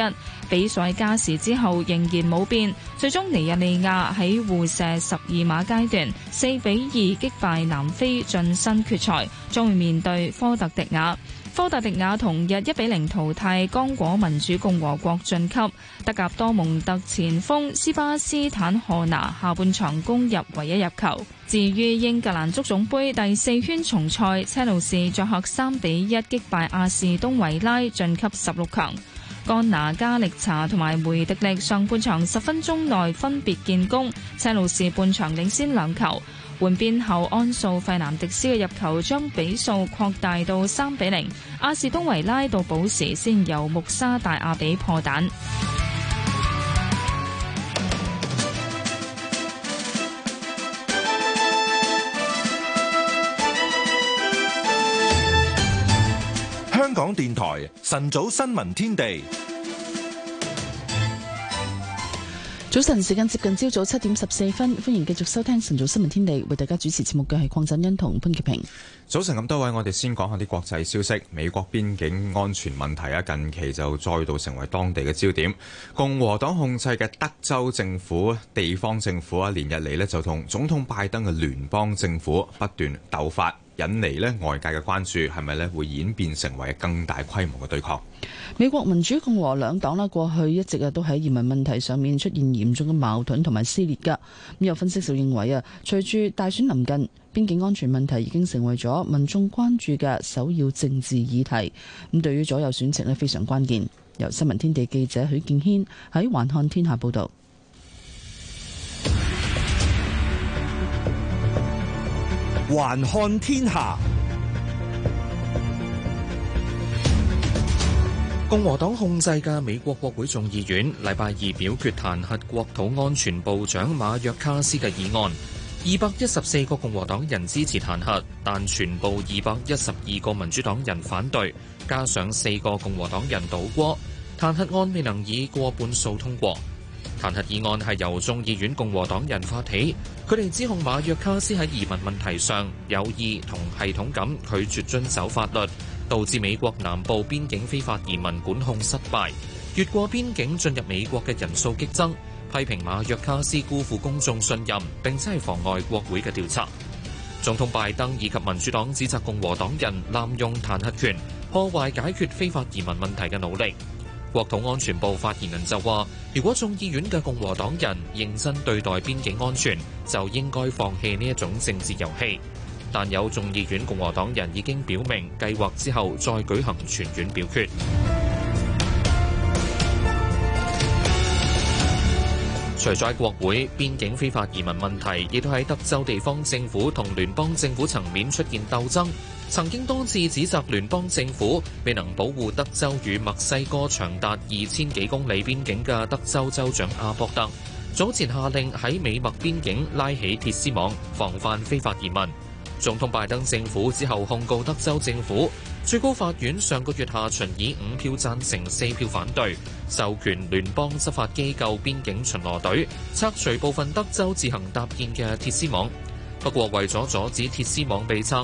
比賽加時之後仍然冇變，最終尼日利亞喺互射十二碼階段四比二擊敗南非晉身決賽，將會面對科特迪瓦。科特迪瓦同日一比零淘汰剛果民主共和國晉級，德甲多蒙特前鋒斯巴斯坦賀拿下半場攻入唯一入球。至於英格蘭足總杯第四圈重賽，車路士作客三比一擊敗阿士東維拉晉級十六強，干拿加力查同埋梅迪力上半場十分鐘內分別建功，車路士半場領先兩球。換邊後，安素費南迪斯嘅入球將比數擴大到三比零。阿士東維拉到補時先由穆沙大亞比破蛋。香港電台晨早新聞天地。早晨，時間接近朝早七點十四分，歡迎繼續收聽晨早新聞天地，為大家主持節目嘅係鄺振恩同潘潔平。早晨咁多位，我哋先講下啲國際消息。美國邊境安全問題啊，近期就再度成為當地嘅焦點。共和黨控制嘅德州政府，地方政府啊，連日嚟呢就同總統拜登嘅聯邦政府不斷鬥法。引嚟呢外界嘅關注，係咪呢會演變成為更大規模嘅對抗？美國民主共和兩黨呢過去一直啊都喺移民問題上面出現嚴重嘅矛盾同埋撕裂㗎。咁有分析就認為啊，隨住大選臨近，邊境安全問題已經成為咗民眾關注嘅首要政治議題。咁對於左右選情呢非常關鍵。由新聞天地記者許建軒喺環看天下報導。還看天下。共和黨控制嘅美國國會眾議院禮拜二表決彈劾國土安全部部長馬約卡斯嘅議案，二百一十四個共和黨人支持彈劾，但全部二百一十二個民主黨人反對，加上四個共和黨人倒戈，彈劾案未能以過半數通過。彈劾議案係由眾議院共和黨人發起，佢哋指控馬約卡斯喺移民問題上有意同系統咁拒絕遵守法律，導致美國南部邊境非法移民管控失敗，越過邊境進入美國嘅人數激增，批評馬約卡斯辜負公眾信任，並且係妨礙國會嘅調查。總統拜登以及民主黨指責共和黨人濫用彈劾權，破壞解決非法移民問題嘅努力。國土安全部發言人就話，如果眾議院嘅共和黨人認真對待邊境安全，就應該放棄呢一種政治遊戲。但有眾議院共和黨人已經表明，計劃之後再舉行全院表決。除咗喺國會，邊境非法移民問題亦都喺德州地方政府同聯邦政府層面出現鬥爭。曾經多次指責聯邦政府未能保護德州與墨西哥長達二千幾公里邊境嘅德州州長阿博特，早前下令喺美墨邊境拉起鐵絲網，防範非法移民。總統拜登政府之後控告德州政府。最高法院上個月下旬以五票贊成、四票反對，授權聯邦執法機構邊境巡邏隊拆除部分德州自行搭建嘅鐵絲網。不過，為咗阻止鐵絲網被拆，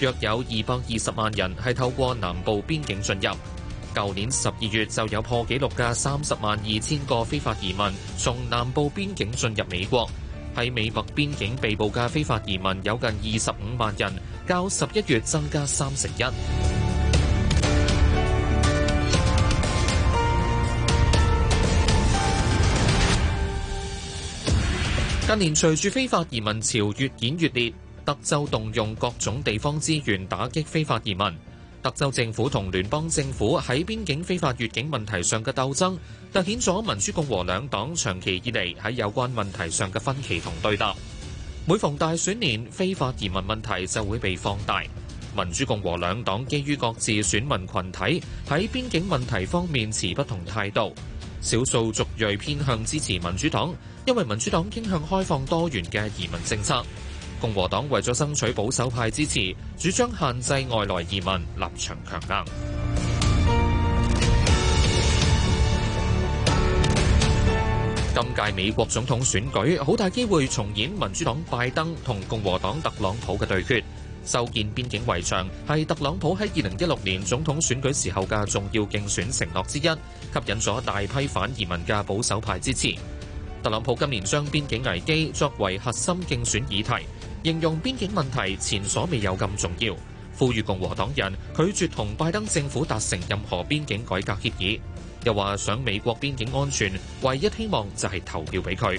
約有二百二十萬人係透過南部邊境進入。舊年十二月就有破紀錄嘅三十萬二千個非法移民從南部邊境進入美國。喺美墨邊境被捕嘅非法移民有近二十五萬人，較十一月增加三成一。近年隨住非法移民潮越演越烈。德州動用各種地方資源打擊非法移民。德州政府同聯邦政府喺邊境非法越境問題上嘅鬥爭，凸顯咗民主共和兩黨長期以嚟喺有關問題上嘅分歧同對立。每逢大選年，非法移民問題就會被放大。民主共和兩黨基於各自選民群體喺邊境問題方面持不同態度。少數族裔偏向支持民主黨，因為民主黨傾向開放多元嘅移民政策。共和黨為咗爭取保守派支持，主張限制外來移民，立場強硬。今屆美國總統選舉好大機會重演民主黨拜登同共和黨特朗普嘅對決。修建邊境圍牆係特朗普喺二零一六年總統選舉時候嘅重要競選承諾之一，吸引咗大批反移民嘅保守派支持。特朗普今年將邊境危機作為核心競選議題。形容邊境問題前所未有咁重要，呼籲共和黨人拒絕同拜登政府達成任何邊境改革協議。又話想美國邊境安全，唯一希望就係投票俾佢。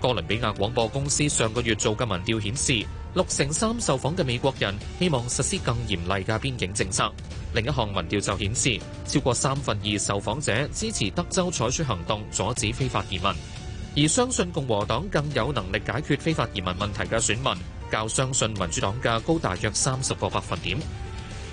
哥倫比亞廣播公司上個月做嘅民調顯示，六成三受訪嘅美國人希望實施更嚴厲嘅邊境政策。另一項民調就顯示，超過三分二受訪者支持德州採取行動阻止非法移民。而相信共和黨更有能力解決非法移民問題嘅選民，較相信民主黨嘅高大約三十個百分點。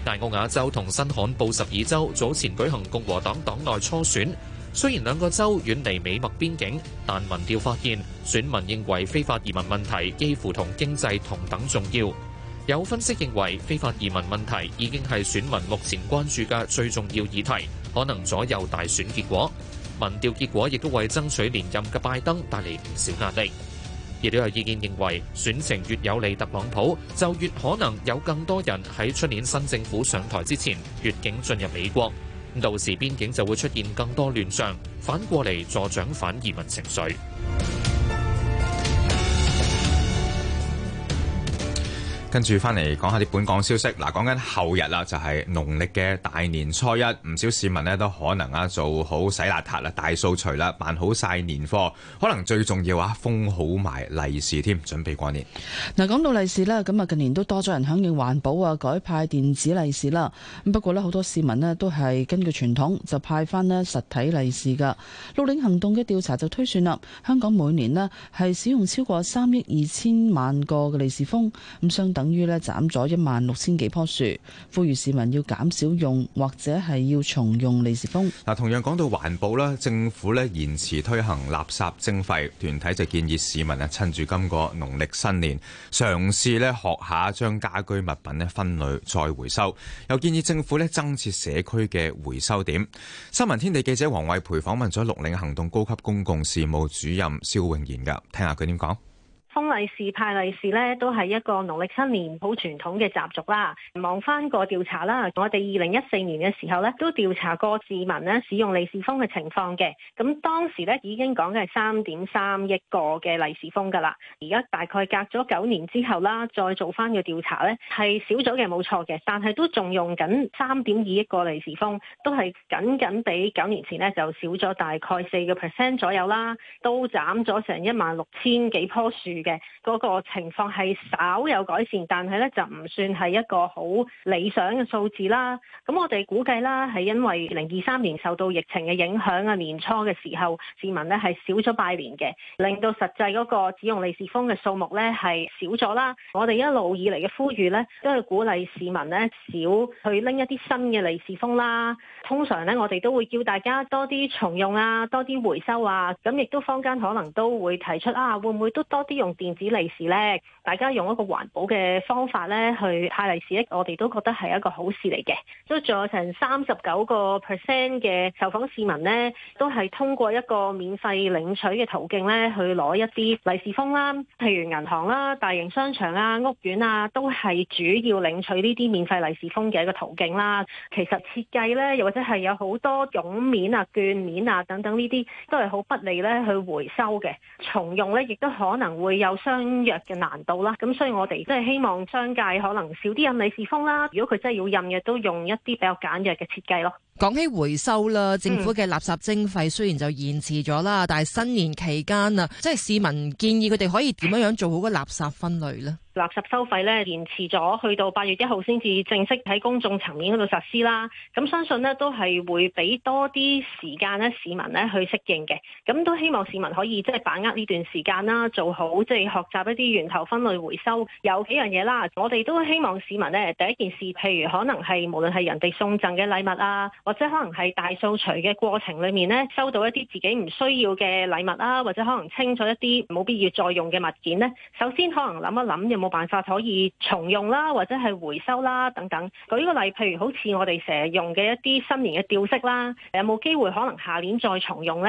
艾奧瓦州同新罕布什爾州早前舉行共和黨黨內初選，雖然兩個州遠離美墨邊境，但民調發現選民認為非法移民問題幾乎同經濟同等重要。有分析認為非法移民問題已經係選民目前關注嘅最重要議題，可能左右大選結果。民調結果亦都為爭取連任嘅拜登帶嚟唔少壓力。亦都有意見認為，選情越有利特朗普，就越可能有更多人喺出年新政府上台之前越境進入美國。咁到時邊境就會出現更多亂象，反過嚟助長反移民情緒。跟住翻嚟講下啲本港消息，嗱講緊後日啦，就係農曆嘅大年初一，唔少市民呢都可能啊做好洗邋遢啦、大掃除啦、辦好晒年貨，可能最重要啊封好埋利是添，準備過年。嗱，講到利是啦，咁啊近年都多咗人響應環保啊，改派電子利是啦。咁不過咧，好多市民呢都係根據傳統就派翻咧實體利是噶。綠領行動嘅調查就推算啦，香港每年呢係使用超過三億二千萬個嘅利是封，咁上。等於咧斬咗一萬六千幾棵樹，呼籲市民要減少用或者係要重用利是封。嗱，同樣講到環保啦，政府咧延遲推行垃圾徵費，團體就建議市民啊趁住今個農曆新年，嘗試咧學下將家居物品咧分類再回收。又建議政府咧增設社區嘅回收點。新聞天地記者王衛培訪問咗綠領行動高級公共事務主任蕭穎然噶，聽下佢點講。嗯利是派利是咧，都係一個農曆新年好傳統嘅習俗啦。望翻個調查啦，我哋二零一四年嘅時候咧，都調查過市民咧使用利是封嘅情況嘅。咁當時咧已經講嘅係三點三億個嘅利是封噶啦。而家大概隔咗九年之後啦，再做翻個調查咧，係少咗嘅冇錯嘅，但係都仲用緊三點二億個利是封，都係僅僅比九年前咧就少咗大概四個 percent 左右啦，都斬咗成一萬六千幾棵樹嘅。嗰、那個情況係稍有改善，但係咧就唔算係一個好理想嘅數字啦。咁我哋估計啦，係因為二零二三年受到疫情嘅影響啊，年初嘅時候市民咧係少咗拜年嘅，令到實際嗰個使用利是封嘅數目咧係少咗啦。我哋一路以嚟嘅呼籲咧，都係鼓勵市民咧少去拎一啲新嘅利是封啦。通常咧，我哋都會叫大家多啲重用啊，多啲回收啊。咁亦都坊間可能都會提出啊，會唔會都多啲用電？指利是咧，大家用一個環保嘅方法咧去派利是咧，我哋都覺得係一個好事嚟嘅。都仲有成三十九個 percent 嘅受訪市民咧，都係通過一個免費領取嘅途徑咧去攞一啲利是封啦，譬如銀行啦、大型商場啦、屋苑啊，都係主要領取呢啲免費利是封嘅一個途徑啦。其實設計咧，又或者係有好多種面啊、券面啊等等呢啲，都係好不利咧去回收嘅，重用咧亦都可能會有。相約嘅難度啦，咁所以我哋即係希望商界可能少啲印利是封啦。如果佢真係要印嘅，都用一啲比較簡約嘅設計咯。講起回收啦，政府嘅垃圾徵費雖然就延遲咗啦，但係新年期間啊，即係市民建議佢哋可以點樣做好個垃圾分類呢？垃圾收費呢，延遲咗，去到八月一號先至正式喺公眾層面嗰度實施啦。咁相信呢都係會俾多啲時間市民呢去適應嘅。咁都希望市民可以即係把握呢段時間啦，做好即係學習一啲源頭分類回收。有幾樣嘢啦。我哋都希望市民呢，第一件事，譬如可能係無論係人哋送贈嘅禮物啊。或者可能係大掃除嘅過程裏面呢，收到一啲自己唔需要嘅禮物啦、啊，或者可能清咗一啲冇必要再用嘅物件呢。首先可能諗一諗有冇辦法可以重用啦、啊，或者係回收啦、啊、等等。舉個例，譬如好似我哋成日用嘅一啲新年嘅吊飾啦、啊，有冇機會可能下年再重用呢？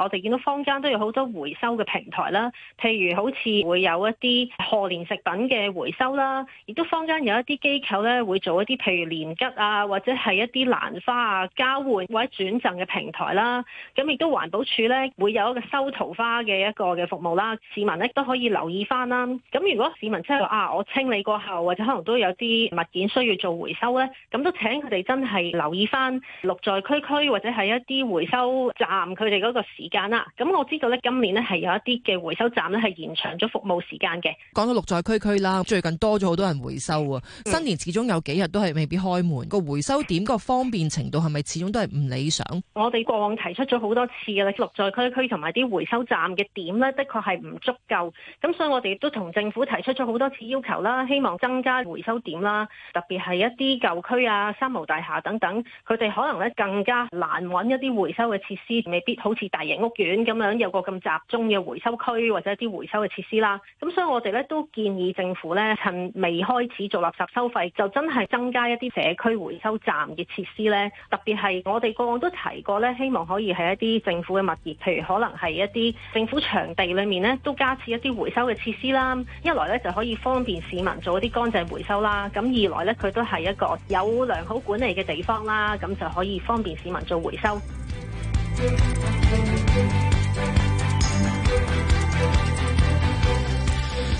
我哋見到坊間都有好多回收嘅平台啦、啊，譬如好似會有一啲賀年食品嘅回收啦、啊，亦都坊間有一啲機構呢會做一啲譬如年桔啊，或者係一啲蘭花啊。啊，交換或者轉贈嘅平台啦，咁亦都環保署呢會有一個收桃花嘅一個嘅服務啦，市民呢都可以留意翻啦。咁如果市民真係啊，我清理過後或者可能都有啲物件需要做回收呢，咁都請佢哋真係留意翻綠在區區或者係一啲回收站佢哋嗰個時間啦。咁我知道呢，今年呢係有一啲嘅回收站呢係延長咗服務時間嘅。講到綠在區區啦，最近多咗好多人回收喎、嗯，新年始終有幾日都係未必開門，個回收點個方便程度。係咪始終都係唔理想？我哋過往提出咗好多次嘅，例如綠在區區同埋啲回收站嘅點呢，的確係唔足夠。咁所以我哋亦都同政府提出咗好多次要求啦，希望增加回收點啦，特別係一啲舊區啊、三無大廈等等，佢哋可能呢更加難揾一啲回收嘅設施，未必好似大型屋苑咁樣有個咁集中嘅回收區或者一啲回收嘅設施啦。咁所以我哋呢都建議政府呢，趁未開始做垃圾收費，就真係增加一啲社區回收站嘅設施呢。特別係我哋個案都提過咧，希望可以係一啲政府嘅物業，譬如可能係一啲政府場地裏面咧，都加設一啲回收嘅設施啦。一來咧就可以方便市民做一啲乾淨回收啦，咁二來咧佢都係一個有良好管理嘅地方啦，咁就可以方便市民做回收。 [music]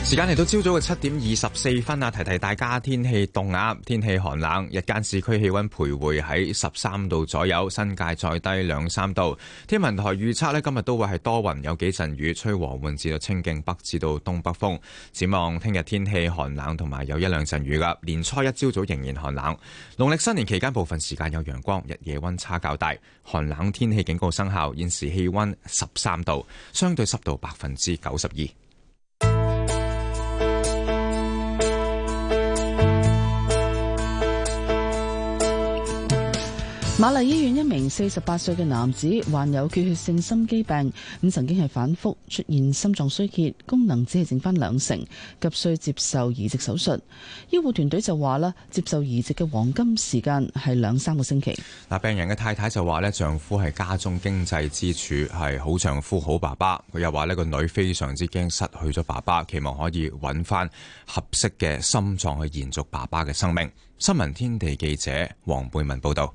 時間嚟到朝早嘅七點二十四分啊，提提大家天氣凍啊，天氣寒冷，日間市區氣溫徘徊喺十三度左右，新界再低兩三度。天文台預測呢，今日都會係多雲，有幾陣雨，吹和緩至到清勁北至到東北風。展望聽日天氣寒冷，同埋有一兩陣雨噶。年初一朝早仍然寒冷。農曆新年期間部分時間有陽光，日夜溫差較大。寒冷天氣警告生效，現時氣溫十三度，相對濕度百分之九十二。瑪麗醫院一名四十八歲嘅男子患有缺血,血性心肌病，咁曾經係反覆出現心臟衰竭，功能只係剩翻兩成，急需接受移植手術。醫護團隊就話啦，接受移植嘅黃金時間係兩三個星期。嗱，病人嘅太太就話呢，丈夫係家中經濟支柱，係好丈夫、好爸爸。佢又話呢個女非常之驚失去咗爸爸，期望可以揾翻合適嘅心臟去延續爸爸嘅生命。新聞天地記者黃貝文報道。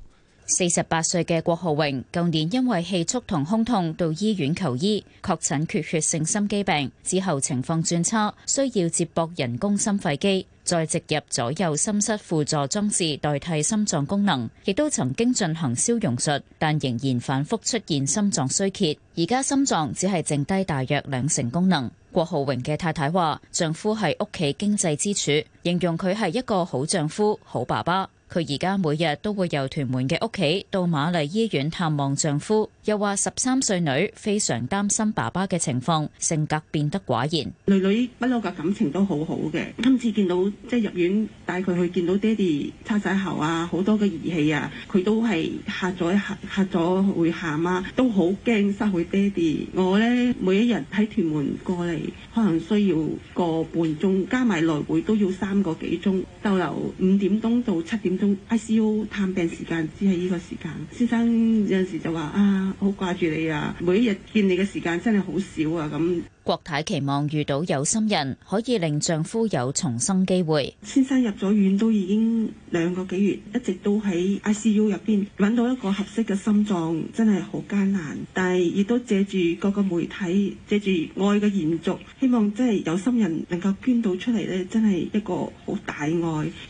四十八歲嘅郭浩榮，舊年因為氣促同胸痛到醫院求醫，確診缺血性心肌病，之後情況轉差，需要接駁人工心肺機，再植入左右心室輔助裝置代替心臟功能，亦都曾經進行消融術，但仍然反復出現心臟衰竭。而家心臟只係剩低大約兩成功能。郭浩榮嘅太太話：丈夫係屋企經濟支柱，形容佢係一個好丈夫、好爸爸。佢而家每日都會由屯門嘅屋企到瑪麗醫院探望丈夫，又話十三歲女非常擔心爸爸嘅情況，性格變得寡言。女女不嬲嘅感情都好好嘅，今次見到即係入院帶佢去見到爹哋、叉仔喉啊，好多嘅儀器啊，佢都係嚇咗吓吓咗會喊啊，都好驚失去爹哋。我咧每一日喺屯門過嚟，可能需要個半鐘，加埋來回都要三個幾鐘，逗留五點鐘到七點。仲 ICU 探病時間只係依個時間，先生有陣時就話啊，好掛住你啊，每一日見你嘅時間真係好少啊咁。郭太期望遇到有心人，可以令丈夫有重生機會。先生入咗院都已經兩個幾月，一直都喺 I C U 入邊，揾到一個合適嘅心臟，真係好艱難。但係亦都借住各個媒體，借住愛嘅延續，希望真係有心人能夠捐到出嚟咧，真係一個好大愛。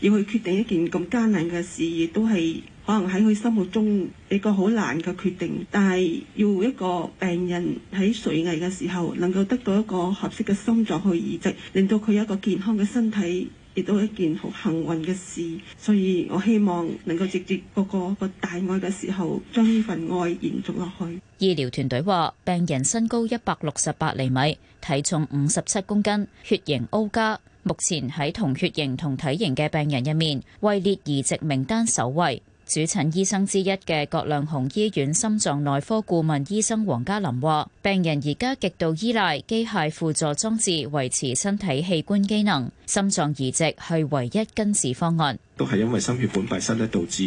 要去決定一件咁艱難嘅事亦都係。可能喺佢心目中一個好難嘅決定，但係要一個病人喺垂危嘅時候能夠得到一個合適嘅心臟去移植，令到佢一個健康嘅身體，亦都一件好幸運嘅事。所以我希望能夠直接個個個大愛嘅時候，將呢份愛延續落去。醫療團隊話，病人身高一百六十八厘米，體重五十七公斤，血型 O 加，目前喺同血型同體型嘅病人入面位列移植名單首位。主診醫生之一嘅葛量洪醫院心臟內科顧問醫生黃家林話：病人而家極度依賴機械輔助裝置維持身體器官機能。心臟移植係唯一根治方案，都係因為心血管閉塞咧，導致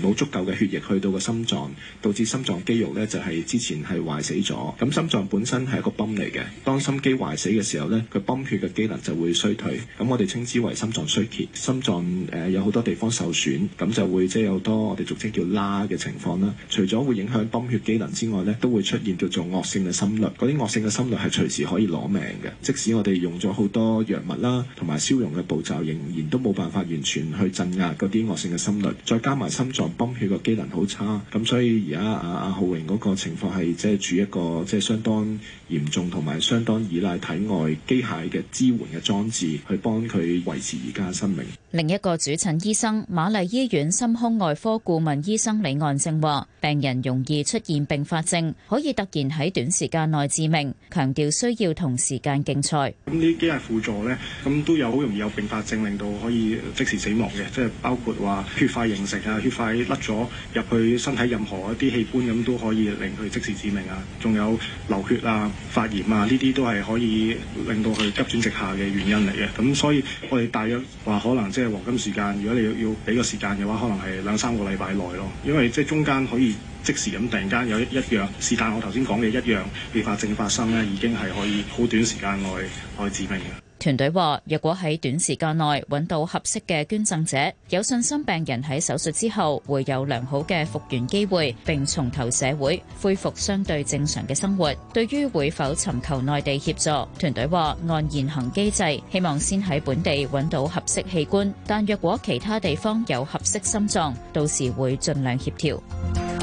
冇足夠嘅血液去到個心臟，導致心臟肌肉咧就係之前係壞死咗。咁心臟本身係一個泵嚟嘅，當心肌壞死嘅時候咧，佢泵血嘅機能就會衰退。咁我哋稱之為心臟衰竭。心臟誒有好多地方受損，咁就會即係有多我哋俗稱叫拉嘅情況啦。除咗會影響泵血機能之外咧，都會出現叫做惡性嘅心律。嗰啲惡性嘅心律係隨時可以攞命嘅，即使我哋用咗好多藥物啦，同埋。消融嘅步驟仍然都冇辦法完全去鎮壓嗰啲惡性嘅心律，再加埋心臟泵血個機能好差，咁所以而家阿阿浩榮嗰個情況係即係住一個，即係相當。嚴重同埋相當依賴體外機械嘅支援嘅裝置，去幫佢維持而家嘅生命。另一個主診醫生瑪麗醫院心胸外科顧問醫生李岸正話，病人容易出現併發症，可以突然喺短時間內致命。強調需要同時間競賽。咁呢機械輔助呢，咁都有好容易有併發症，令到可以即時死亡嘅，即係包括話血塊形成啊，血塊甩咗入去身體任何一啲器官，咁都可以令佢即時致命啊，仲有流血啊。發炎啊，呢啲都係可以令到佢急轉直下嘅原因嚟嘅，咁所以我哋大約話可能即係黃金時間，如果你要要俾個時間嘅話，可能係兩三個禮拜內咯，因為即係中間可以即時咁突然間有一樣一樣，是但我頭先講嘅一樣併發症發生咧，已經係可以好短時間內可以致命嘅。團隊話：若果喺短時間內揾到合適嘅捐贈者，有信心病人喺手術之後會有良好嘅復原機會，並重投社會，恢復相對正常嘅生活。對於會否尋求內地協助，團隊話按現行機制，希望先喺本地揾到合適器官，但若果其他地方有合適心臟，到時會盡量協調。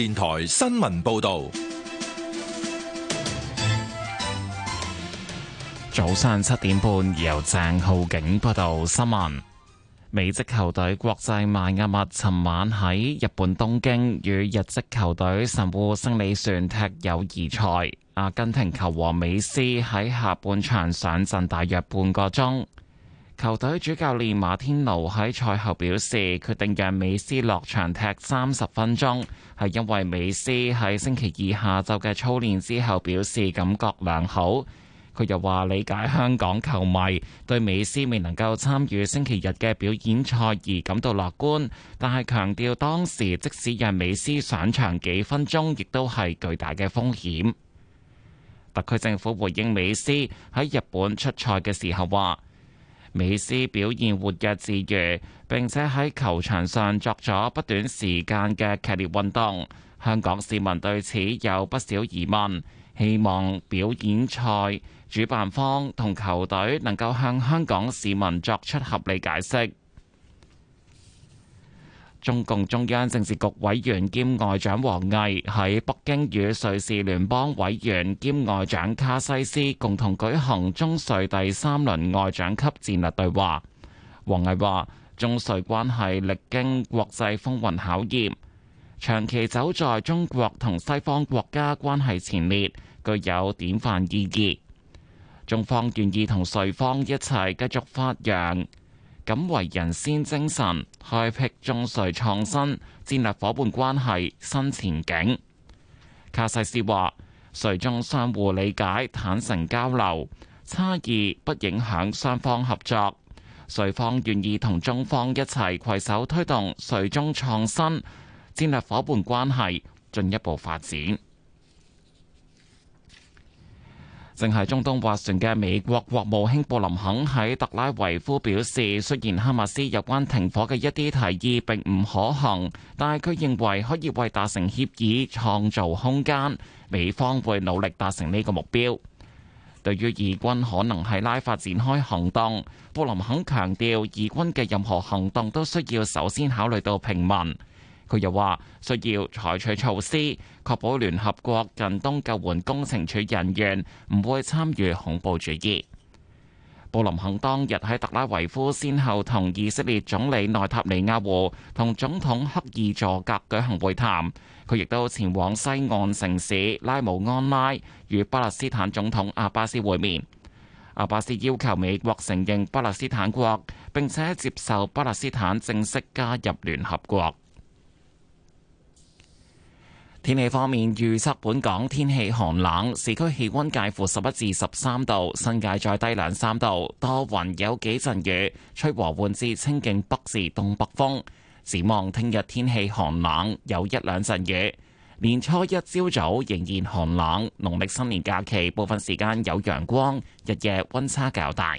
電台新聞報道：早上七點半，由鄭浩景報道新聞。美職球隊國際邁阿密尋晚喺日本東京與日職球隊神戶勝利船，踢友誼賽。阿根廷球王美斯喺下半場上陣大約半個鐘。球隊主教練馬天奴喺賽後表示，決定讓美斯落場踢三十分鐘，係因為美斯喺星期二下晝嘅操練之後表示感覺良好。佢又話理解香港球迷對美斯未能夠參與星期日嘅表演賽而感到樂觀，但係強調當時即使讓美斯上場幾分鐘，亦都係巨大嘅風險。特區政府回應美斯喺日本出賽嘅時候話。美斯表現活躍自如，並且喺球場上作咗不短時間嘅劇烈運動。香港市民對此有不少疑問，希望表演賽主辦方同球隊能夠向香港市民作出合理解釋。中共中央政治局委員兼外長王毅喺北京與瑞士聯邦委員兼外長卡西斯共同舉行中瑞第三輪外長級戰略對話。王毅話：中瑞關係歷經國際風雲考驗，長期走在中國同西方國家關係前列，具有典範意義。中方願意同瑞方一齊繼續發揚。敢為人先精神，開辟中瑞創新戰略伙伴關係新前景。卡西斯話：瑞中相互理解、坦誠交流，差異不影響雙方合作。瑞方願意同中方一齊攜手推動瑞中創新戰略伙伴關係進一步發展。正係中東劃船嘅美國國務卿布林肯喺特拉維夫表示，雖然哈馬斯有關停火嘅一啲提議並唔可行，但係佢認為可以為達成協議創造空間。美方會努力達成呢個目標。對於義軍可能喺拉法展開行動，布林肯強調，義軍嘅任何行動都需要首先考慮到平民。佢又話：需要採取措施，確保聯合國近東救援工程處人員唔會參與恐怖主義。布林肯當日喺特拉維夫，先後同以色列總理內塔尼亞胡同總統克爾佐格舉行會談。佢亦都前往西岸城市拉姆安拉，與巴勒斯坦總統阿巴斯會面。阿巴斯要求美國承認巴勒斯坦國，並且接受巴勒斯坦正式加入聯合國。天氣方面，預測本港天氣寒冷，市區氣溫介乎十一至十三度，新界再低兩三度，多雲有幾陣雨，吹和緩至清勁北至東北風。展望聽日天氣寒冷，有一兩陣雨。年初一朝早，早仍然寒冷，農曆新年假期部分時間有陽光，日夜溫差較大。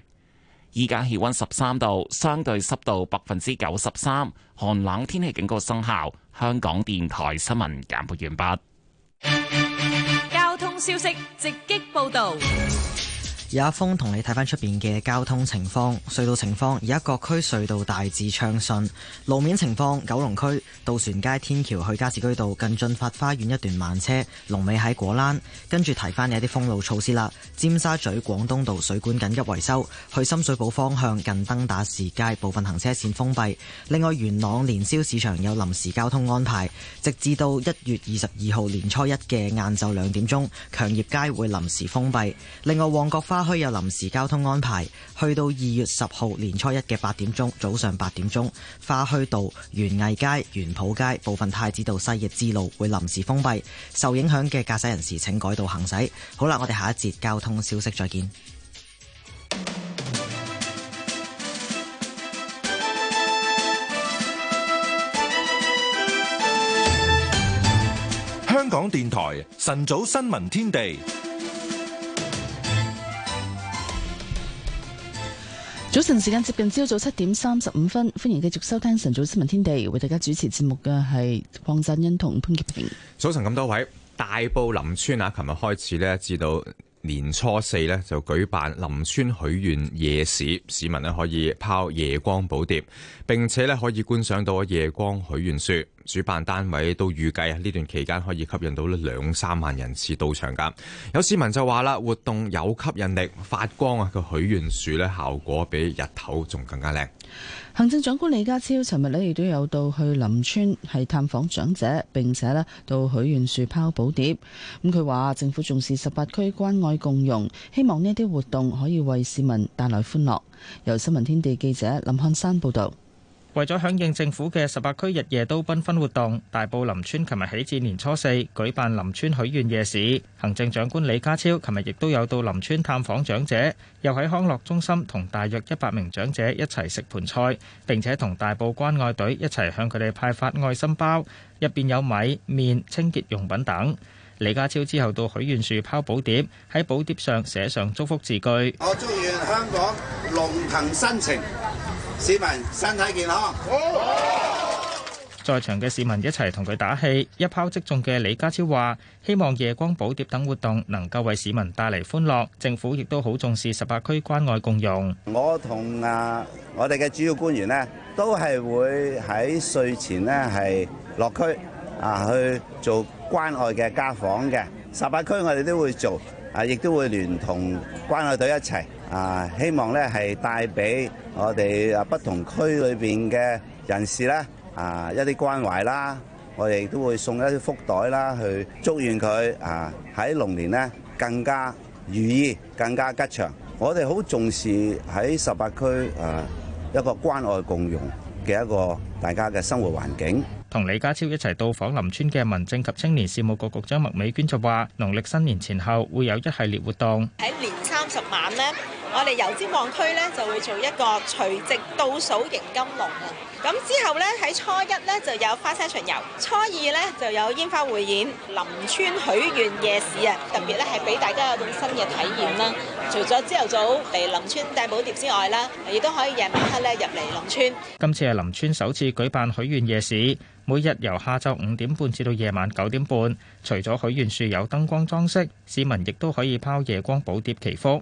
依家氣溫十三度，相對濕度百分之九十三，寒冷天氣警告生效。香港電台新聞簡報完畢。交通消息直擊報道。有阿峰同你睇翻出邊嘅交通情況、隧道情況，而家各區隧道大致暢順。路面情況，九龍區渡船街天橋去加士居道近駿發花園一段慢車，龍尾喺果欄。跟住提翻一啲封路措施啦。尖沙咀廣東道水管緊急維修，去深水埗方向近登打士街部分行車線封閉。另外，元朗年宵市場有臨時交通安排，直至到一月二十二號年初一嘅晏晝兩點鐘，強業街會臨時封閉。另外，旺角花花墟有臨時交通安排，去到二月十號年初一嘅八點鐘，早上八點鐘，花墟道、園藝街、園圃街部分太子道西翼之路會臨時封閉，受影響嘅駕駛人士請改道行駛。好啦，我哋下一節交通消息再見。香港電台晨早新聞天地。早晨時間接近朝早七點三十五分，歡迎繼續收聽晨早新聞天地，為大家主持節目嘅係黃振恩同潘潔平。早晨咁多位，大埔林村啊，琴日開始呢，至到年初四呢就舉辦林村許願夜市，市民呢可以拋夜光寶牒，並且呢可以觀賞到夜光許願樹。主辦單位都預計啊，呢段期間可以吸引到咧兩三萬人次到場噶。有市民就話啦，活動有吸引力，發光啊個許願樹咧效果比日頭仲更加靚。行政長官李家超尋日咧亦都有到去林村係探訪長者，並且咧到許願樹拋寶碟。咁佢話政府重視十八區關愛共融，希望呢啲活動可以為市民帶來歡樂。由新聞天地記者林漢山報道。為咗響應政府嘅十八區日夜都繽紛活動，大埔林村琴日起至年初四舉辦林村許願夜市。行政長官李家超琴日亦都有到林村探訪長者，又喺康樂中心同大約一百名長者一齊食盤菜，並且同大埔關愛隊一齊向佢哋派發愛心包，入邊有米、麵、清潔用品等。李家超之後到許願樹拋寶碟，喺寶碟上寫上祝福字句。我祝願香港龍騰新程。」市民身體健康。在場嘅市民一齊同佢打氣。一炮即中嘅李家超話：希望夜光寶碟等活動能夠為市民帶嚟歡樂。政府亦都好重視十八區關愛共融。我同啊，我哋嘅主要官員咧，都係會喺睡前咧係落區啊去做關愛嘅家訪嘅。十八區我哋都會做啊，亦都會聯同關愛隊一齊。啊，希望咧係帶俾我哋啊不同區裏邊嘅人士咧啊一啲關懷啦，我哋都會送一啲福袋啦，去祝願佢啊喺龍年咧更加如意，更加吉祥。我哋好重視喺十八區啊一個關愛共融嘅一個大家嘅生活環境。同李家超一齊到訪林村嘅民政及青年事務局局長麥美娟就話，農曆新年前後會有一系列活動。喺年三十晚呢，我哋油尖旺區呢就會做一個除夕倒數迎金龍啊！咁之後咧，喺初一咧就有花車巡遊，初二咧就有煙花匯演，林村許願夜市啊！特別咧係俾大家有種新嘅體驗啦。除咗朝頭早嚟林村帶寶碟之外啦，亦都可以夜晚黑咧入嚟林村。今次係林村首次舉辦許願夜市，每日由下晝五點半至到夜晚九點半。除咗許願樹有燈光裝飾，市民亦都可以拋夜光寶碟祈福。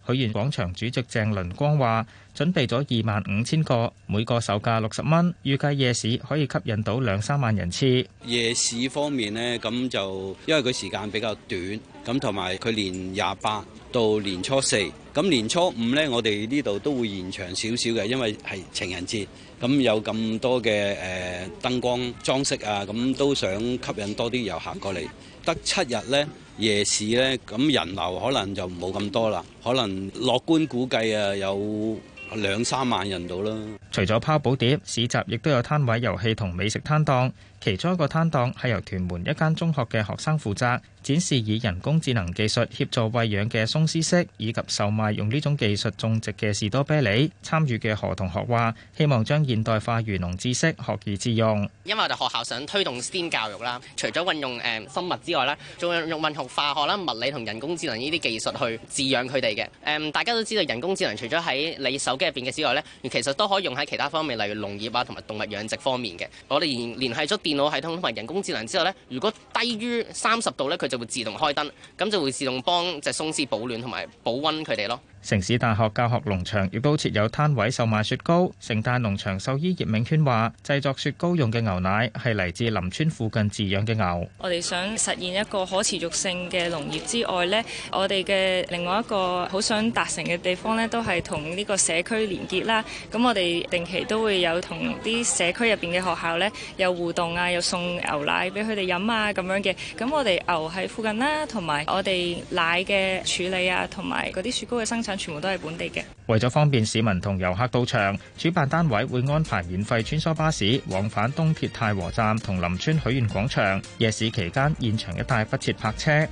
海源廣場主席鄭倫光話：準備咗二萬五千個，每個售價六十蚊，預計夜市可以吸引到兩三萬人次。夜市方面呢，咁就因為佢時間比較短，咁同埋佢年廿八到年初四，咁年初五呢，我哋呢度都會延長少少嘅，因為係情人節，咁有咁多嘅誒燈光裝飾啊，咁都想吸引多啲遊客過嚟。得七日呢，夜市呢，咁人流可能就冇咁多啦，可能樂觀估計啊，有兩三萬人到啦。除咗拋寶碟，市集亦都有攤位、遊戲同美食攤檔。其中一個攤檔係由屯門一間中學嘅學生負責展示以人工智能技術協助餵養嘅鬆獅蜥，以及售賣用呢種技術種植嘅士多啤梨。參與嘅何同學話：希望將現代化漁農知識學以致用。因為我哋學校想推動 STEM 教育啦，除咗運用誒生物之外咧，仲要用運用化學啦、物理同人工智能呢啲技術去飼養佢哋嘅。誒、嗯，大家都知道人工智能除咗喺你手機入邊嘅之外咧，其實都可以用喺其他方面，例如農業啊同埋動物養殖方面嘅。我哋連聯繫咗電腦系統同埋人工智能之後咧，如果低於三十度咧，佢就會自動開燈，咁就會自動幫隻鬆獅保暖同埋保溫佢哋咯。城市大學教學農場亦都設有攤位售賣雪糕。城大農場獸醫葉銘軒話，製作雪糕用嘅牛奶係嚟自林村附近飼養嘅牛。我哋想實現一個可持續性嘅農業之外呢，我哋嘅另外一個好想達成嘅地方呢，都係同呢個社區連結啦。咁我哋定期都會有同啲社區入邊嘅學校呢，有互動啊，有送牛奶俾佢哋飲啊咁樣嘅。咁我哋牛喺附近啦，同埋我哋奶嘅處理啊，同埋嗰啲雪糕嘅生產。全部都係本地嘅。為咗方便市民同遊客到場，主辦單位會安排免費穿梭巴士往返東鐵太和站同林村許願廣場。夜市期間，現場一帶不設泊車。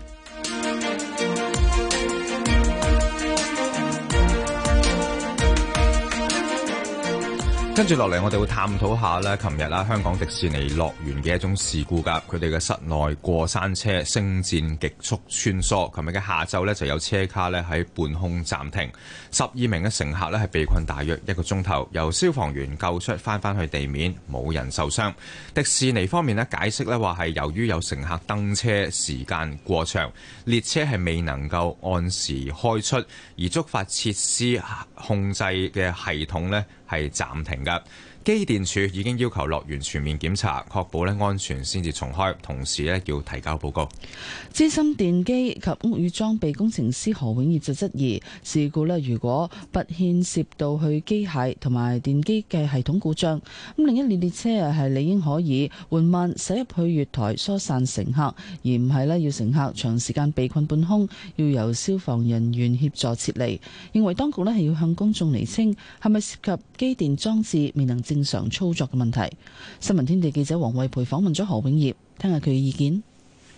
跟住落嚟，我哋會探討下呢琴日啦，香港迪士尼樂園嘅一種事故噶，佢哋嘅室內過山車《星戰極速穿梭》。琴日嘅下晝呢就有車卡呢喺半空暫停，十二名嘅乘客呢係被困大約一個鐘頭，由消防員救出翻翻去地面，冇人受傷。迪士尼方面呢解釋呢話係由於有乘客登車時間過長，列車係未能夠按時開出，而觸發設施控制嘅系統呢，係暫停嘅。機電署已經要求樂園全面檢查，確保咧安全先至重開，同時咧要提交報告。資深電機及屋宇裝備工程師何永業就質疑事故咧，如果不牽涉到去機械同埋電機嘅系統故障，咁另一列列車係理應可以緩慢駛入去月台疏散乘客，而唔係咧要乘客長時間被困半空，要由消防人員協助撤離。認為當局咧係要向公眾釐清係咪涉及機電裝置未能正。正常操作嘅問題。新聞天地記者黃慧培訪問咗何永業，聽下佢嘅意見。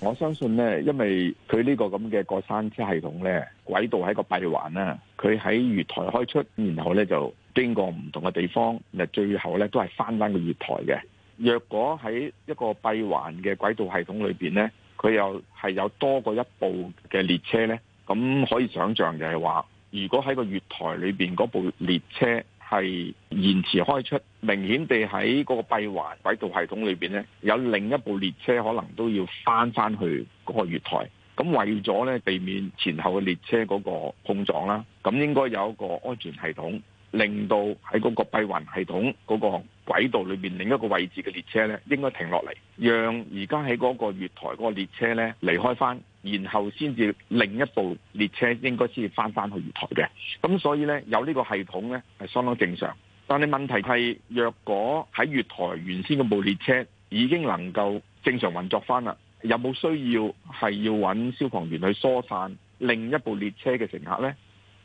我相信咧，因為佢呢個咁嘅過山車系統咧，軌道係一個閉環啦。佢喺月台開出，然後咧就經過唔同嘅地方，嗱最後咧都係翻翻個月台嘅。若果喺一個閉環嘅軌道系統裏邊咧，佢又係有多過一部嘅列車咧，咁可以想象就係話，如果喺個月台裏邊嗰部列車。係延遲開出，明顯地喺嗰個閉環軌道系統裏面呢，有另一部列車可能都要返返去嗰個月台。咁為咗呢避免前後嘅列車嗰個碰撞啦，咁應該有一個安全系統，令到喺嗰個閉環系統嗰個軌道裏面另一個位置嘅列車呢應該停落嚟，讓而家喺嗰個月台嗰個列車呢離開返。然後先至另一部列車應該先至翻翻去月台嘅，咁所以呢，有呢個系統呢係相當正常。但係問題係，若果喺月台原先嗰部列車已經能夠正常運作翻啦，有冇需要係要揾消防員去疏散另一部列車嘅乘客呢？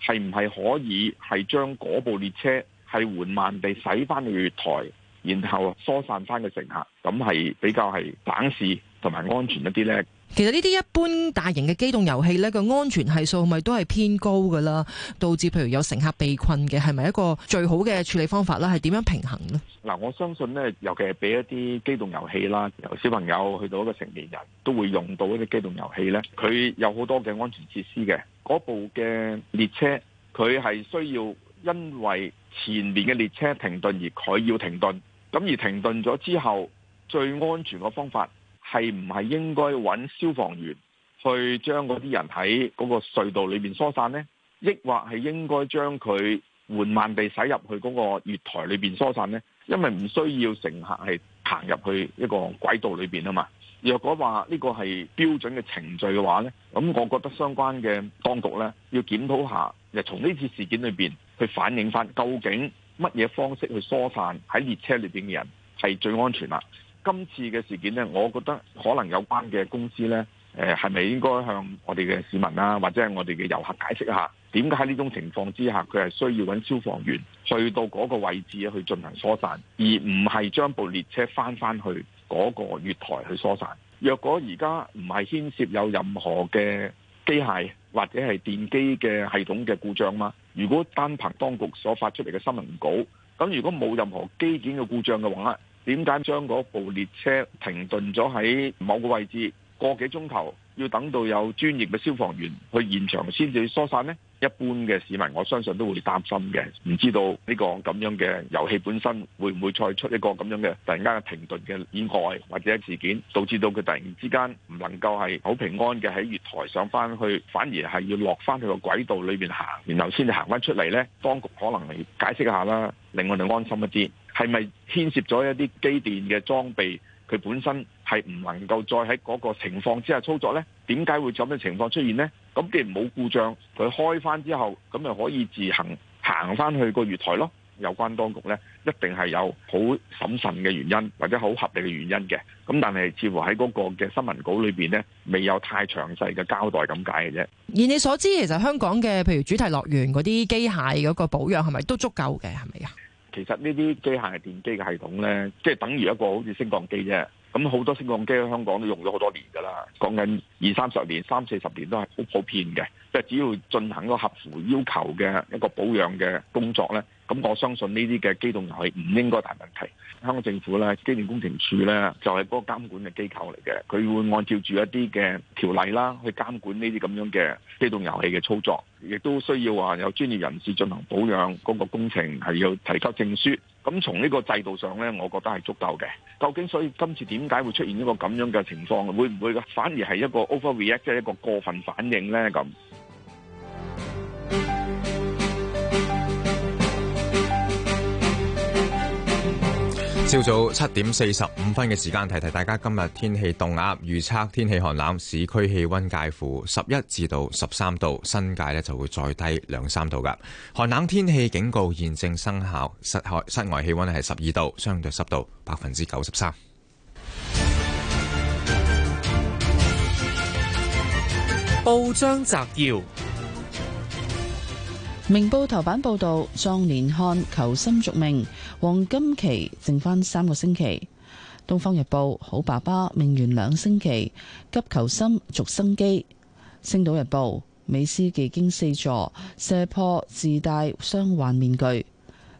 係唔係可以係將嗰部列車係緩慢地駛翻去月台，然後疏散翻嘅乘客，咁係比較係省事同埋安全一啲呢。其實呢啲一般大型嘅機動遊戲呢個安全係數咪都係偏高噶啦，導致譬如有乘客被困嘅係咪一個最好嘅處理方法咧？係點樣平衡呢？嗱，我相信呢，尤其係俾一啲機動遊戲啦，由小朋友去到一個成年人都會用到一啲機動遊戲呢，佢有好多嘅安全設施嘅。嗰部嘅列車佢係需要因為前面嘅列車停頓而佢要停頓，咁而停頓咗之後，最安全嘅方法。係唔係應該揾消防員去將嗰啲人喺嗰個隧道裏面疏散呢？抑或係應該將佢緩慢地駛入去嗰個月台裏邊疏散呢？因為唔需要乘客係行入去一個軌道裏邊啊嘛。若果話呢個係標準嘅程序嘅話呢，咁我覺得相關嘅當局呢，要檢討下，就從呢次事件裏邊去反映翻究竟乜嘢方式去疏散喺列車裏邊嘅人係最安全啦。今次嘅事件呢，我覺得可能有關嘅公司呢，誒係咪應該向我哋嘅市民啊，或者係我哋嘅遊客解釋一下，點解喺呢種情況之下，佢係需要揾消防員去到嗰個位置去進行疏散，而唔係將部列車翻翻去嗰個月台去疏散。若果而家唔係牽涉有任何嘅機械或者係電機嘅系統嘅故障嗎？如果單憑當局所發出嚟嘅新聞稿，咁如果冇任何機件嘅故障嘅話，點解將嗰部列車停頓咗喺某個位置個幾鐘頭？要等到有專業嘅消防員去現場先至疏散咧，一般嘅市民我相信都會擔心嘅，唔知道呢個咁樣嘅遊戲本身會唔會再出一個咁樣嘅突然間嘅停頓嘅意外或者事件，導致到佢突然之間唔能夠係好平安嘅喺月台上翻去，反而係要落翻去個軌道裏面行，然後先至行翻出嚟呢。當局可能要解釋一下啦，令我哋安心一啲。係咪牽涉咗一啲機電嘅裝備？佢本身係唔能夠再喺嗰個情況之下操作呢？點解會咁嘅情況出現呢？咁既然冇故障，佢開翻之後，咁咪可以自行行翻去個月台咯。有關當局呢，一定係有好審慎嘅原因或者好合理嘅原因嘅。咁但係，似乎喺嗰個嘅新聞稿裏面呢，未有太詳細嘅交代咁解嘅啫。而你所知，其實香港嘅譬如主題樂園嗰啲機械嗰個保養係咪都足夠嘅？係咪啊？其實呢啲機械電機嘅系統咧，即係等於一個好似升降機啫。咁、嗯、好多升降機喺香港都用咗好多年噶啦，講緊二三十年、三四十年都係好普遍嘅。即係只要進行一個合乎要求嘅一個保養嘅工作咧，咁我相信呢啲嘅機動遊戲唔應該大問題。香港政府咧，機電工程署咧就係、是、嗰個監管嘅機構嚟嘅，佢會按照住一啲嘅條例啦，去監管呢啲咁樣嘅機動遊戲嘅操作，亦都需要話有專業人士進行保養，嗰個工程係要提交證書。咁從呢個制度上咧，我覺得係足夠嘅。究竟所以今次點解會出現一個咁樣嘅情況？會唔會反而係一個 overreact 嘅一個過分反應咧？咁。朝早七點四十五分嘅時間，提提大家今日天,天氣凍壓，預測天氣寒冷，市區氣温介乎十一至到十三度，新界咧就會再低兩三度噶。寒冷天氣警告現正生效，室外室外氣温係十二度，相對濕度百分之九十三。報章摘要。明報頭版報道：壯年漢求心續命，黃金期剩返三個星期。東方日報：好爸爸命懸兩星期，急求心續生機。星島日報：美斯技驚四座，射破自帶傷患面具。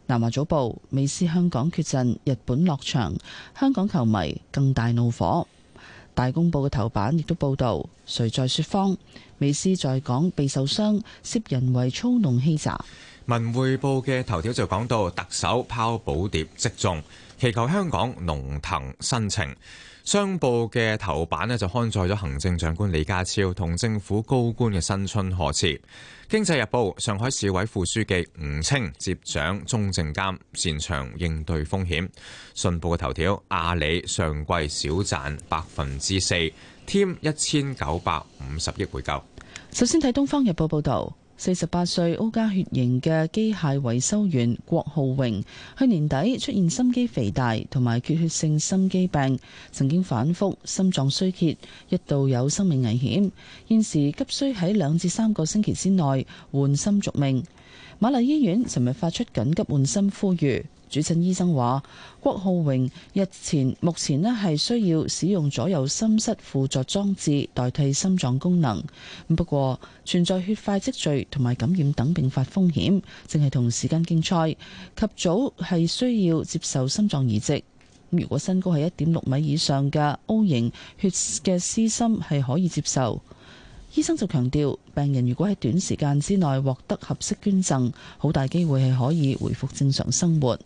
南華早報：美斯香港缺陣，日本落場，香港球迷更大怒火。大公報嘅頭版亦都報道，誰在說謊？美斯在港被受傷，涉人為操弄欺詐。文匯報嘅頭條就講到特首拋寶碟即中，祈求香港龍騰新程。商報嘅頭版咧就刊載咗行政長官李家超同政府高官嘅新春賀詞。經濟日報：上海市委副書記吳清接掌中證監，擅長應對風險。信報嘅頭條：阿里上季小賺百分之四，添一千九百五十億回購。首先睇東方日報報道。四十八歲歐加血型嘅機械維修員郭浩榮，去年底出現心肌肥大同埋缺血性心肌病，曾經反覆心臟衰竭，一度有生命危險。現時急需喺兩至三個星期之內換心續命。瑪麗醫院尋日發出緊急換心呼籲。主診醫生話：郭浩榮日前目前咧係需要使用左右心室輔助裝置代替心臟功能，不過存在血塊積聚同埋感染等併發風險，正係同時間競賽，及早係需要接受心臟移植。如果身高係一點六米以上嘅 O 型血嘅私心係可以接受。醫生就強調，病人如果喺短時間之內獲得合適捐贈，好大機會係可以回復正常生活。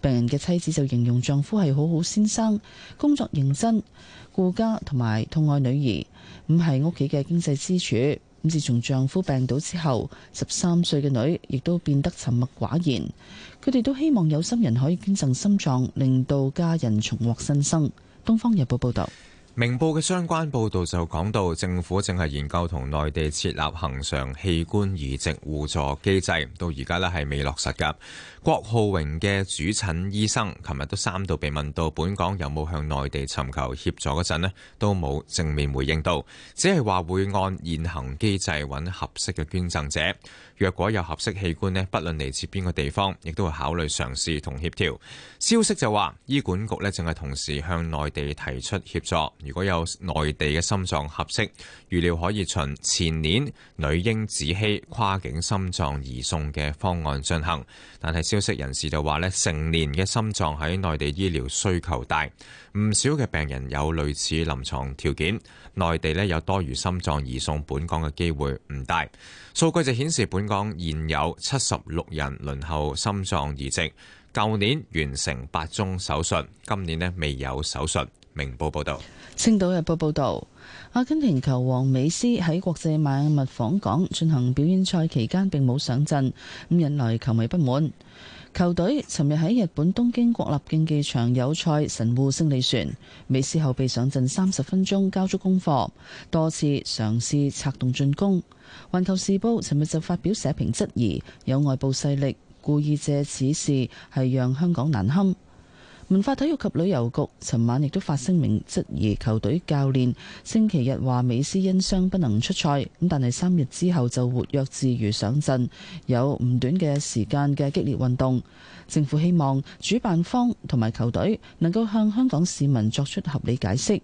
病人嘅妻子就形容丈夫係好好先生，工作認真、顧家同埋痛愛女兒，唔係屋企嘅經濟支柱。咁自從丈夫病倒之後，十三歲嘅女亦都變得沉默寡言。佢哋都希望有心人可以捐贈心臟，令到家人重獲新生。東方日報報道，明報嘅相關報道就講到，政府正係研究同內地設立恒常器官移植互助機制，到而家咧係未落實噶。郭浩榮嘅主診醫生，琴日都三度被問到本港有冇向內地尋求協助嗰陣呢，都冇正面回應到，只係話會按現行機制揾合適嘅捐贈者。若果有合適器官呢，不論嚟自邊個地方，亦都會考慮嘗試同協調。消息就話，醫管局咧正係同時向內地提出協助。如果有內地嘅心臟合適，預料可以循前年女嬰芷希跨境心臟移送嘅方案進行，但係消消息人士就話咧，成年嘅心臟喺內地醫療需求大，唔少嘅病人有類似臨床條件，內地呢有多餘心臟移送本港嘅機會唔大。數據就顯示，本港現有七十六人輪候心臟移植，舊年完成八宗手術，今年咧未有手術。明報報道，青島日報報道。阿根廷球王美斯喺國際邁阿密訪港進行表演賽期間，並冇上陣，咁引來球迷不滿。球隊尋日喺日本東京國立競技場友賽神戶勝利船，美斯後備上陣三十分鐘，交足功課，多次嘗試策動進攻。環球時報尋日就發表社評質疑，有外部勢力故意借此事係讓香港難堪。文化體育及旅遊局尋晚亦都發聲明質疑球隊教練，星期日話美斯因傷不能出賽，咁但係三日之後就活躍自如上陣，有唔短嘅時間嘅激烈運動。政府希望主辦方同埋球隊能夠向香港市民作出合理解釋。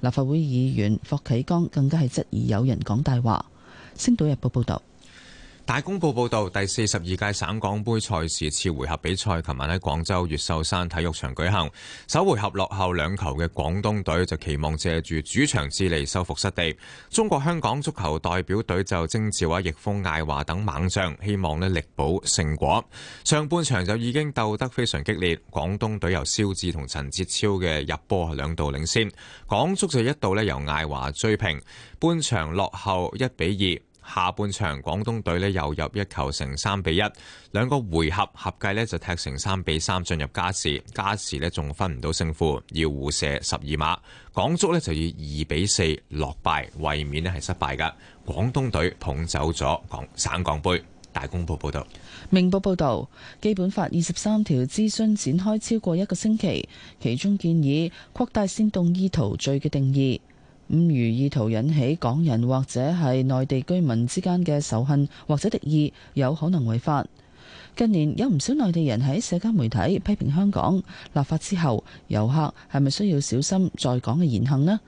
立法會議員霍啟剛更加係質疑有人講大話。星島日報報道。大公報報導，第四十二屆省港杯賽事次回合比賽，琴晚喺廣州越秀山體育場舉行。首回合落後兩球嘅廣東隊就期望借住主場之利收復失地。中國香港足球代表隊就徵召阿易峰、艾華等猛將，希望呢力保勝果。上半場就已經鬥得非常激烈，廣東隊由肖智同陳哲超嘅入波兩度領先，港足就一度呢由艾華追平，半場落後一比二。下半場，廣東隊咧又入一球，成三比一。兩個回合合計咧就踢成三比三，進入加時。加時咧仲分唔到勝負，要互射十二碼。港足咧就以二比四落敗，衛冕咧係失敗㗎。廣東隊捧走咗省港杯。大公報報道：「明報報道，《基本法》二十三條諮詢展開超過一個星期，其中建議擴大煽動意圖罪嘅定義。唔如意圖引起港人或者係內地居民之間嘅仇恨或者敵意，有可能違法。近年有唔少內地人喺社交媒體批評香港立法之後，遊客係咪需要小心在港嘅言行呢？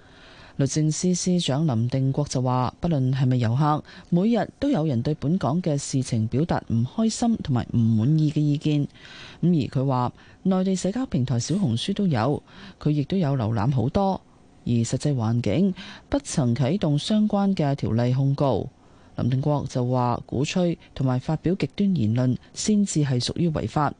律政司司長林定國就話，不論係咪遊客，每日都有人對本港嘅事情表達唔開心同埋唔滿意嘅意見。咁而佢話，內地社交平台小紅書都有，佢亦都有瀏覽好多。而實際環境不曾啟動相關嘅條例控告，林定國就話，鼓吹同埋發表極端言論先至係屬於違法。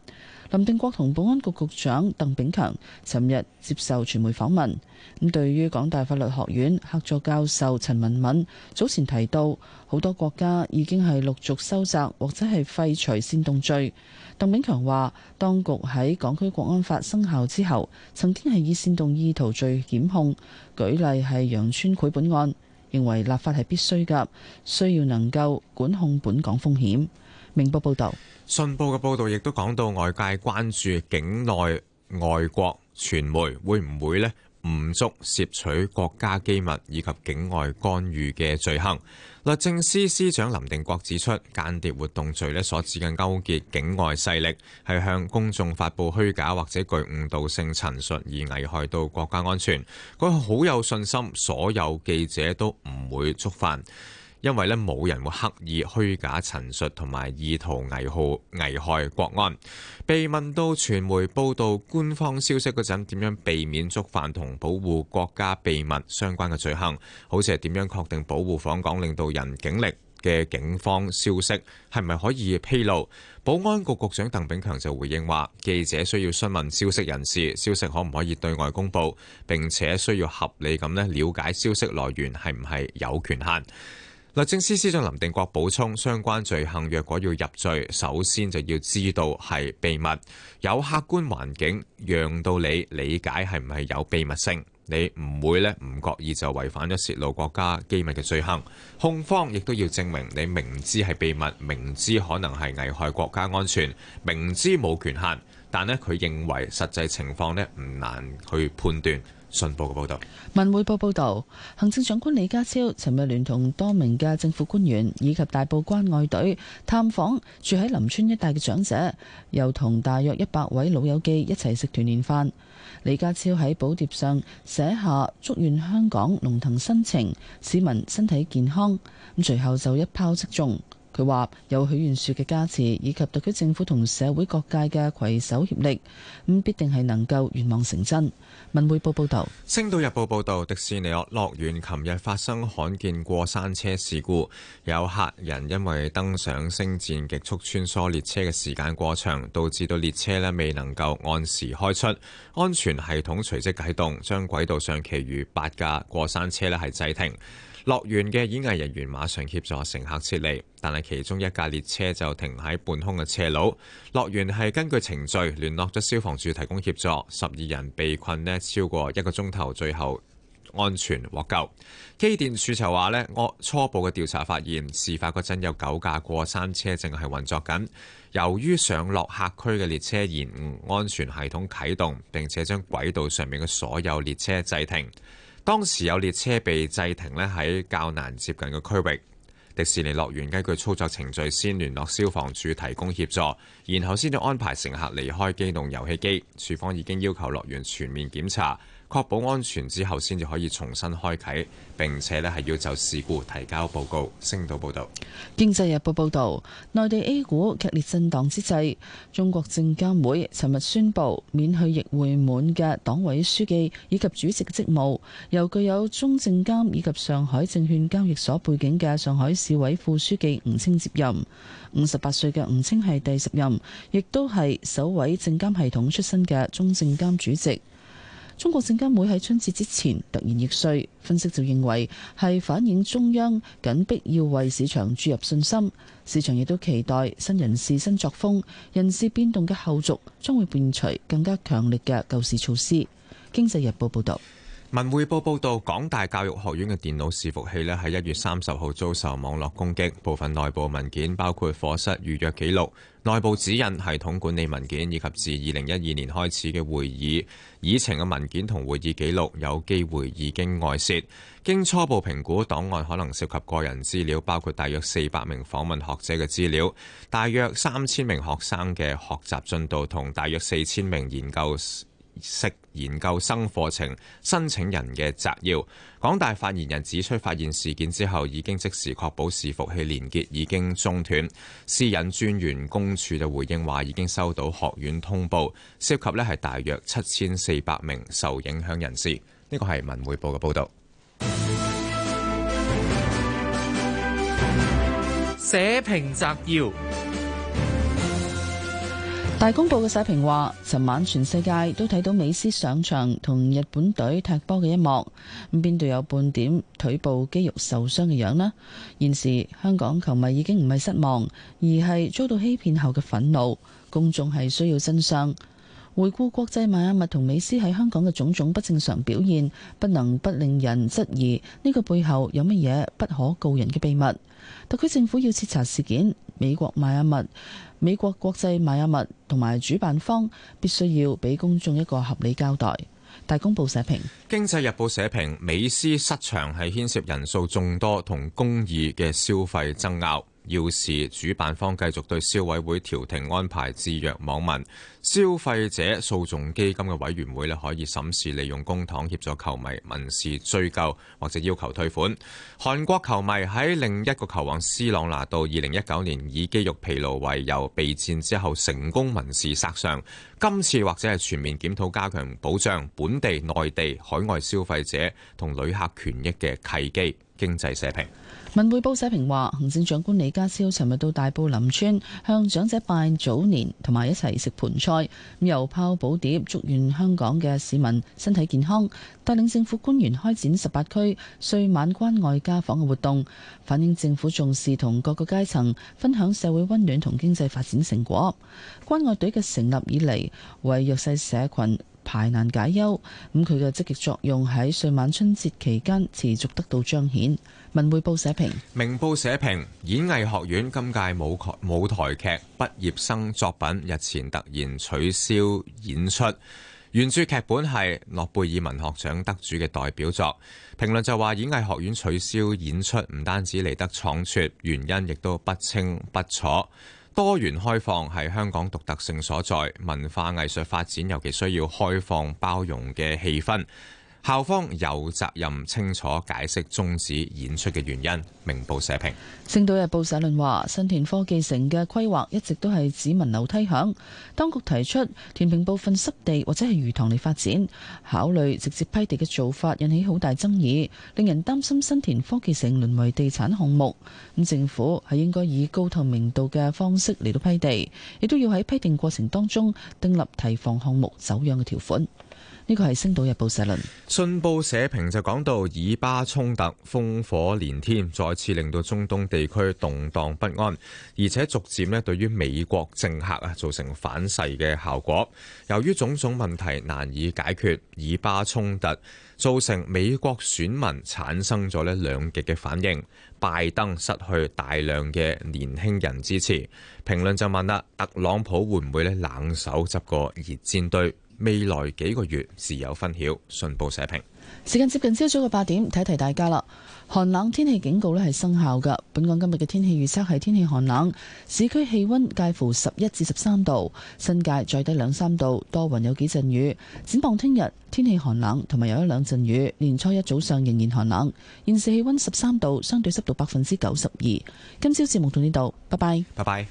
林定國同保安局局長鄧炳強尋日接受傳媒訪問，咁對於港大法律學院客座教授陳文敏早前提到，好多國家已經係陸續收窄或者係廢除煽動罪。鄧炳強話當局喺港區國安法生效之後曾經係以煽動意圖罪檢控，舉例係羊村繪本案，認為立法係必須噶需要能夠管控本港風險，明報報道。信報嘅報導，亦都講到外界關注境內外國傳媒會唔會咧唔足攝取國家機密，以及境外干預嘅罪行。律政司司長林定國指出，間諜活動罪咧所指嘅勾結境外勢力，係向公眾發布虛假或者具誤導性陳述而危害到國家安全。佢好有信心所有記者都唔會觸犯。因為咧冇人會刻意虛假陳述，同埋意圖危害危害國安。被問到傳媒報道官方消息嗰陣點樣避免觸犯同保護國家秘密相關嘅罪行，好似係點樣確定保護訪港領導人警力嘅警方消息係唔係可以披露？保安局局長鄧炳強就回應話：記者需要詢問消息人士，消息可唔可以對外公佈？並且需要合理咁咧了解消息來源係唔係有權限。律政司司長林定國補充：相關罪行若果要入罪，首先就要知道係秘密，有客觀環境讓到你理解係唔係有秘密性，你唔會呢唔覺意就違反咗泄露國家機密嘅罪行。控方亦都要證明你明知係秘密，明知可能係危害國家安全，明知冇權限，但呢佢認為實際情況呢唔難去判斷。信報嘅報道，文匯報報導，行政長官李家超尋日聯同多名嘅政府官員以及大埔關愛隊探訪住喺林村一帶嘅長者，又同大約一百位老友記一齊食團年飯。李家超喺寶碟上寫下祝願香港龍騰新程，市民身體健康。咁，隨後就一拋即中。佢話有許願樹嘅加持，以及特區政府同社會各界嘅攜手協力，咁必定係能夠願望成真。文匯報報導，《星島日報》報道，迪士尼樂，樂園琴日發生罕見過山車事故，有客人因為登上星戰極速穿梭列車嘅時間過長，導致到列車咧未能夠按時開出，安全系統隨即啟動，將軌道上其餘八架過山車咧係制停。樂園嘅演藝人員馬上協助乘客撤離，但係其中一架列車就停喺半空嘅斜路。樂園係根據程序聯絡咗消防處提供協助，十二人被困咧超過一個鐘頭，最後安全獲救。機電署就話咧，我初步嘅調查發現，事發嗰陣有九架過山車正係運作緊，由於上落客區嘅列車延誤，安全系統啟動，並且將軌道上面嘅所有列車制停。當時有列車被制停咧喺較難接近嘅區域，迪士尼樂園根據操作程序先聯絡消防處提供協助，然後先至安排乘客離開機動遊戲機。處方已經要求樂園全面檢查。確保安全之後，先至可以重新開啓。並且咧，係要就事故提交報告。星島報道，《經濟日報》報道，內地 A 股劇烈震盪之際，中國證監會尋日宣布免去易會滿嘅黨委書記以及主席嘅職務，由具有中證監以及上海證券交易所背景嘅上海市委副書記吳清接任。五十八歲嘅吳清係第十任，亦都係首位證監系統出身嘅中證監主席。中國證監會喺春節之前突然易稅，分析就認為係反映中央緊迫要為市場注入信心，市場亦都期待新人事新作風，人事變動嘅後續將會伴隨更加強力嘅救市措施。經濟日報報道。文匯報報道，港大教育學院嘅電腦伺服器咧喺一月三十號遭受網絡攻擊，部分內部文件，包括課室預約記錄、內部指引、系統管理文件以及自二零一二年開始嘅會議議程嘅文件同會議記錄，有機會已經外泄。經初步評估，檔案可能涉及個人資料，包括大約四百名訪問學者嘅資料，大約三千名學生嘅學習進度同大約四千名研究識研究生課程申請人嘅摘要，港大發言人指出，發現事件之後已經即時確保伺服器連結已經中斷。私隱專員公署就回應話，已經收到學院通報，涉及咧係大約七千四百名受影響人士。呢個係文匯報嘅報導。寫評摘要。大公報嘅社評話：尋晚全世界都睇到美斯上場同日本隊踢波嘅一幕，咁邊度有半點腿部肌肉受傷嘅樣呢？現時香港球迷已經唔係失望，而係遭到欺騙後嘅憤怒，公眾係需要真相。回顧國際邁阿密同美斯喺香港嘅種種不正常表現，不能不令人質疑呢個背後有乜嘢不可告人嘅秘密。特區政府要徹查事件，美國邁阿密。美國國際買物物同埋主辦方必須要俾公眾一個合理交代。《大公報》社評，《經濟日報》社評：美斯失場係牽涉人數眾多同公義嘅消費爭拗。要是主辦方繼續對消委會調停安排置若罔聞，消費者訴訟基金嘅委員會可以審視利用公帑協助球迷民事追究或者要求退款。韓國球迷喺另一個球王斯朗拿度二零一九年以肌肉疲勞為由備戰之後成功民事殺傷，今次或者係全面檢討加強保障本地、內地、海外消費者同旅客權益嘅契機，經濟社評。文匯報社評話，行政長官李家超尋日到大埔林村向長者拜早年，同埋一齊食盆菜，又拋寶牒，祝願香港嘅市民身體健康。帶領政府官員開展十八區歲晚關愛家訪嘅活動，反映政府重視同各個階層分享社會溫暖同經濟發展成果。關愛隊嘅成立以嚟，為弱勢社群。排難解憂，咁佢嘅積極作用喺歲晚春節期間持續得到彰顯。文匯報社評，明報社評，演藝學院今屆舞舞台劇畢業生作品日前突然取消演出，原著劇本係諾貝爾文學獎得主嘅代表作。評論就話演藝學院取消演出唔單止嚟得倉促，原因亦都不清不楚。多元開放係香港獨特性所在，文化藝術發展尤其需要開放包容嘅氣氛。校方有責任清楚解釋中止演出嘅原因。明報社評，《星島日報》社論話：新田科技城嘅規劃一直都係只聞樓梯響，當局提出填平部分濕地或者係魚塘嚟發展，考慮直接批地嘅做法引起好大爭議，令人擔心新田科技城淪為地產項目。咁政府係應該以高透明度嘅方式嚟到批地，亦都要喺批定過程當中訂立提防項目走樣嘅條款。呢個係《星島日報》社論。信報社評就講到，以巴衝突烽火連天，再次令到中東地區動盪不安，而且逐漸咧對於美國政客啊造成反噬嘅效果。由於種種問題難以解決，以巴衝突造成美國選民產生咗咧兩極嘅反應，拜登失去大量嘅年輕人支持。評論就問啦，特朗普會唔會咧冷手執個熱煎堆？未來幾個月自有分曉，信報社評。時間接近朝早嘅八點，提提大家啦。寒冷天氣警告咧係生效嘅。本港今日嘅天氣預測係天氣寒冷，市區氣溫介乎十一至十三度，新界再低兩三度，多雲有幾陣雨。展望聽日，天氣寒冷，同埋有一兩陣雨。年初一早上仍然寒冷。現時氣溫十三度，相對濕度百分之九十二。今朝節目到呢度，拜拜。拜拜。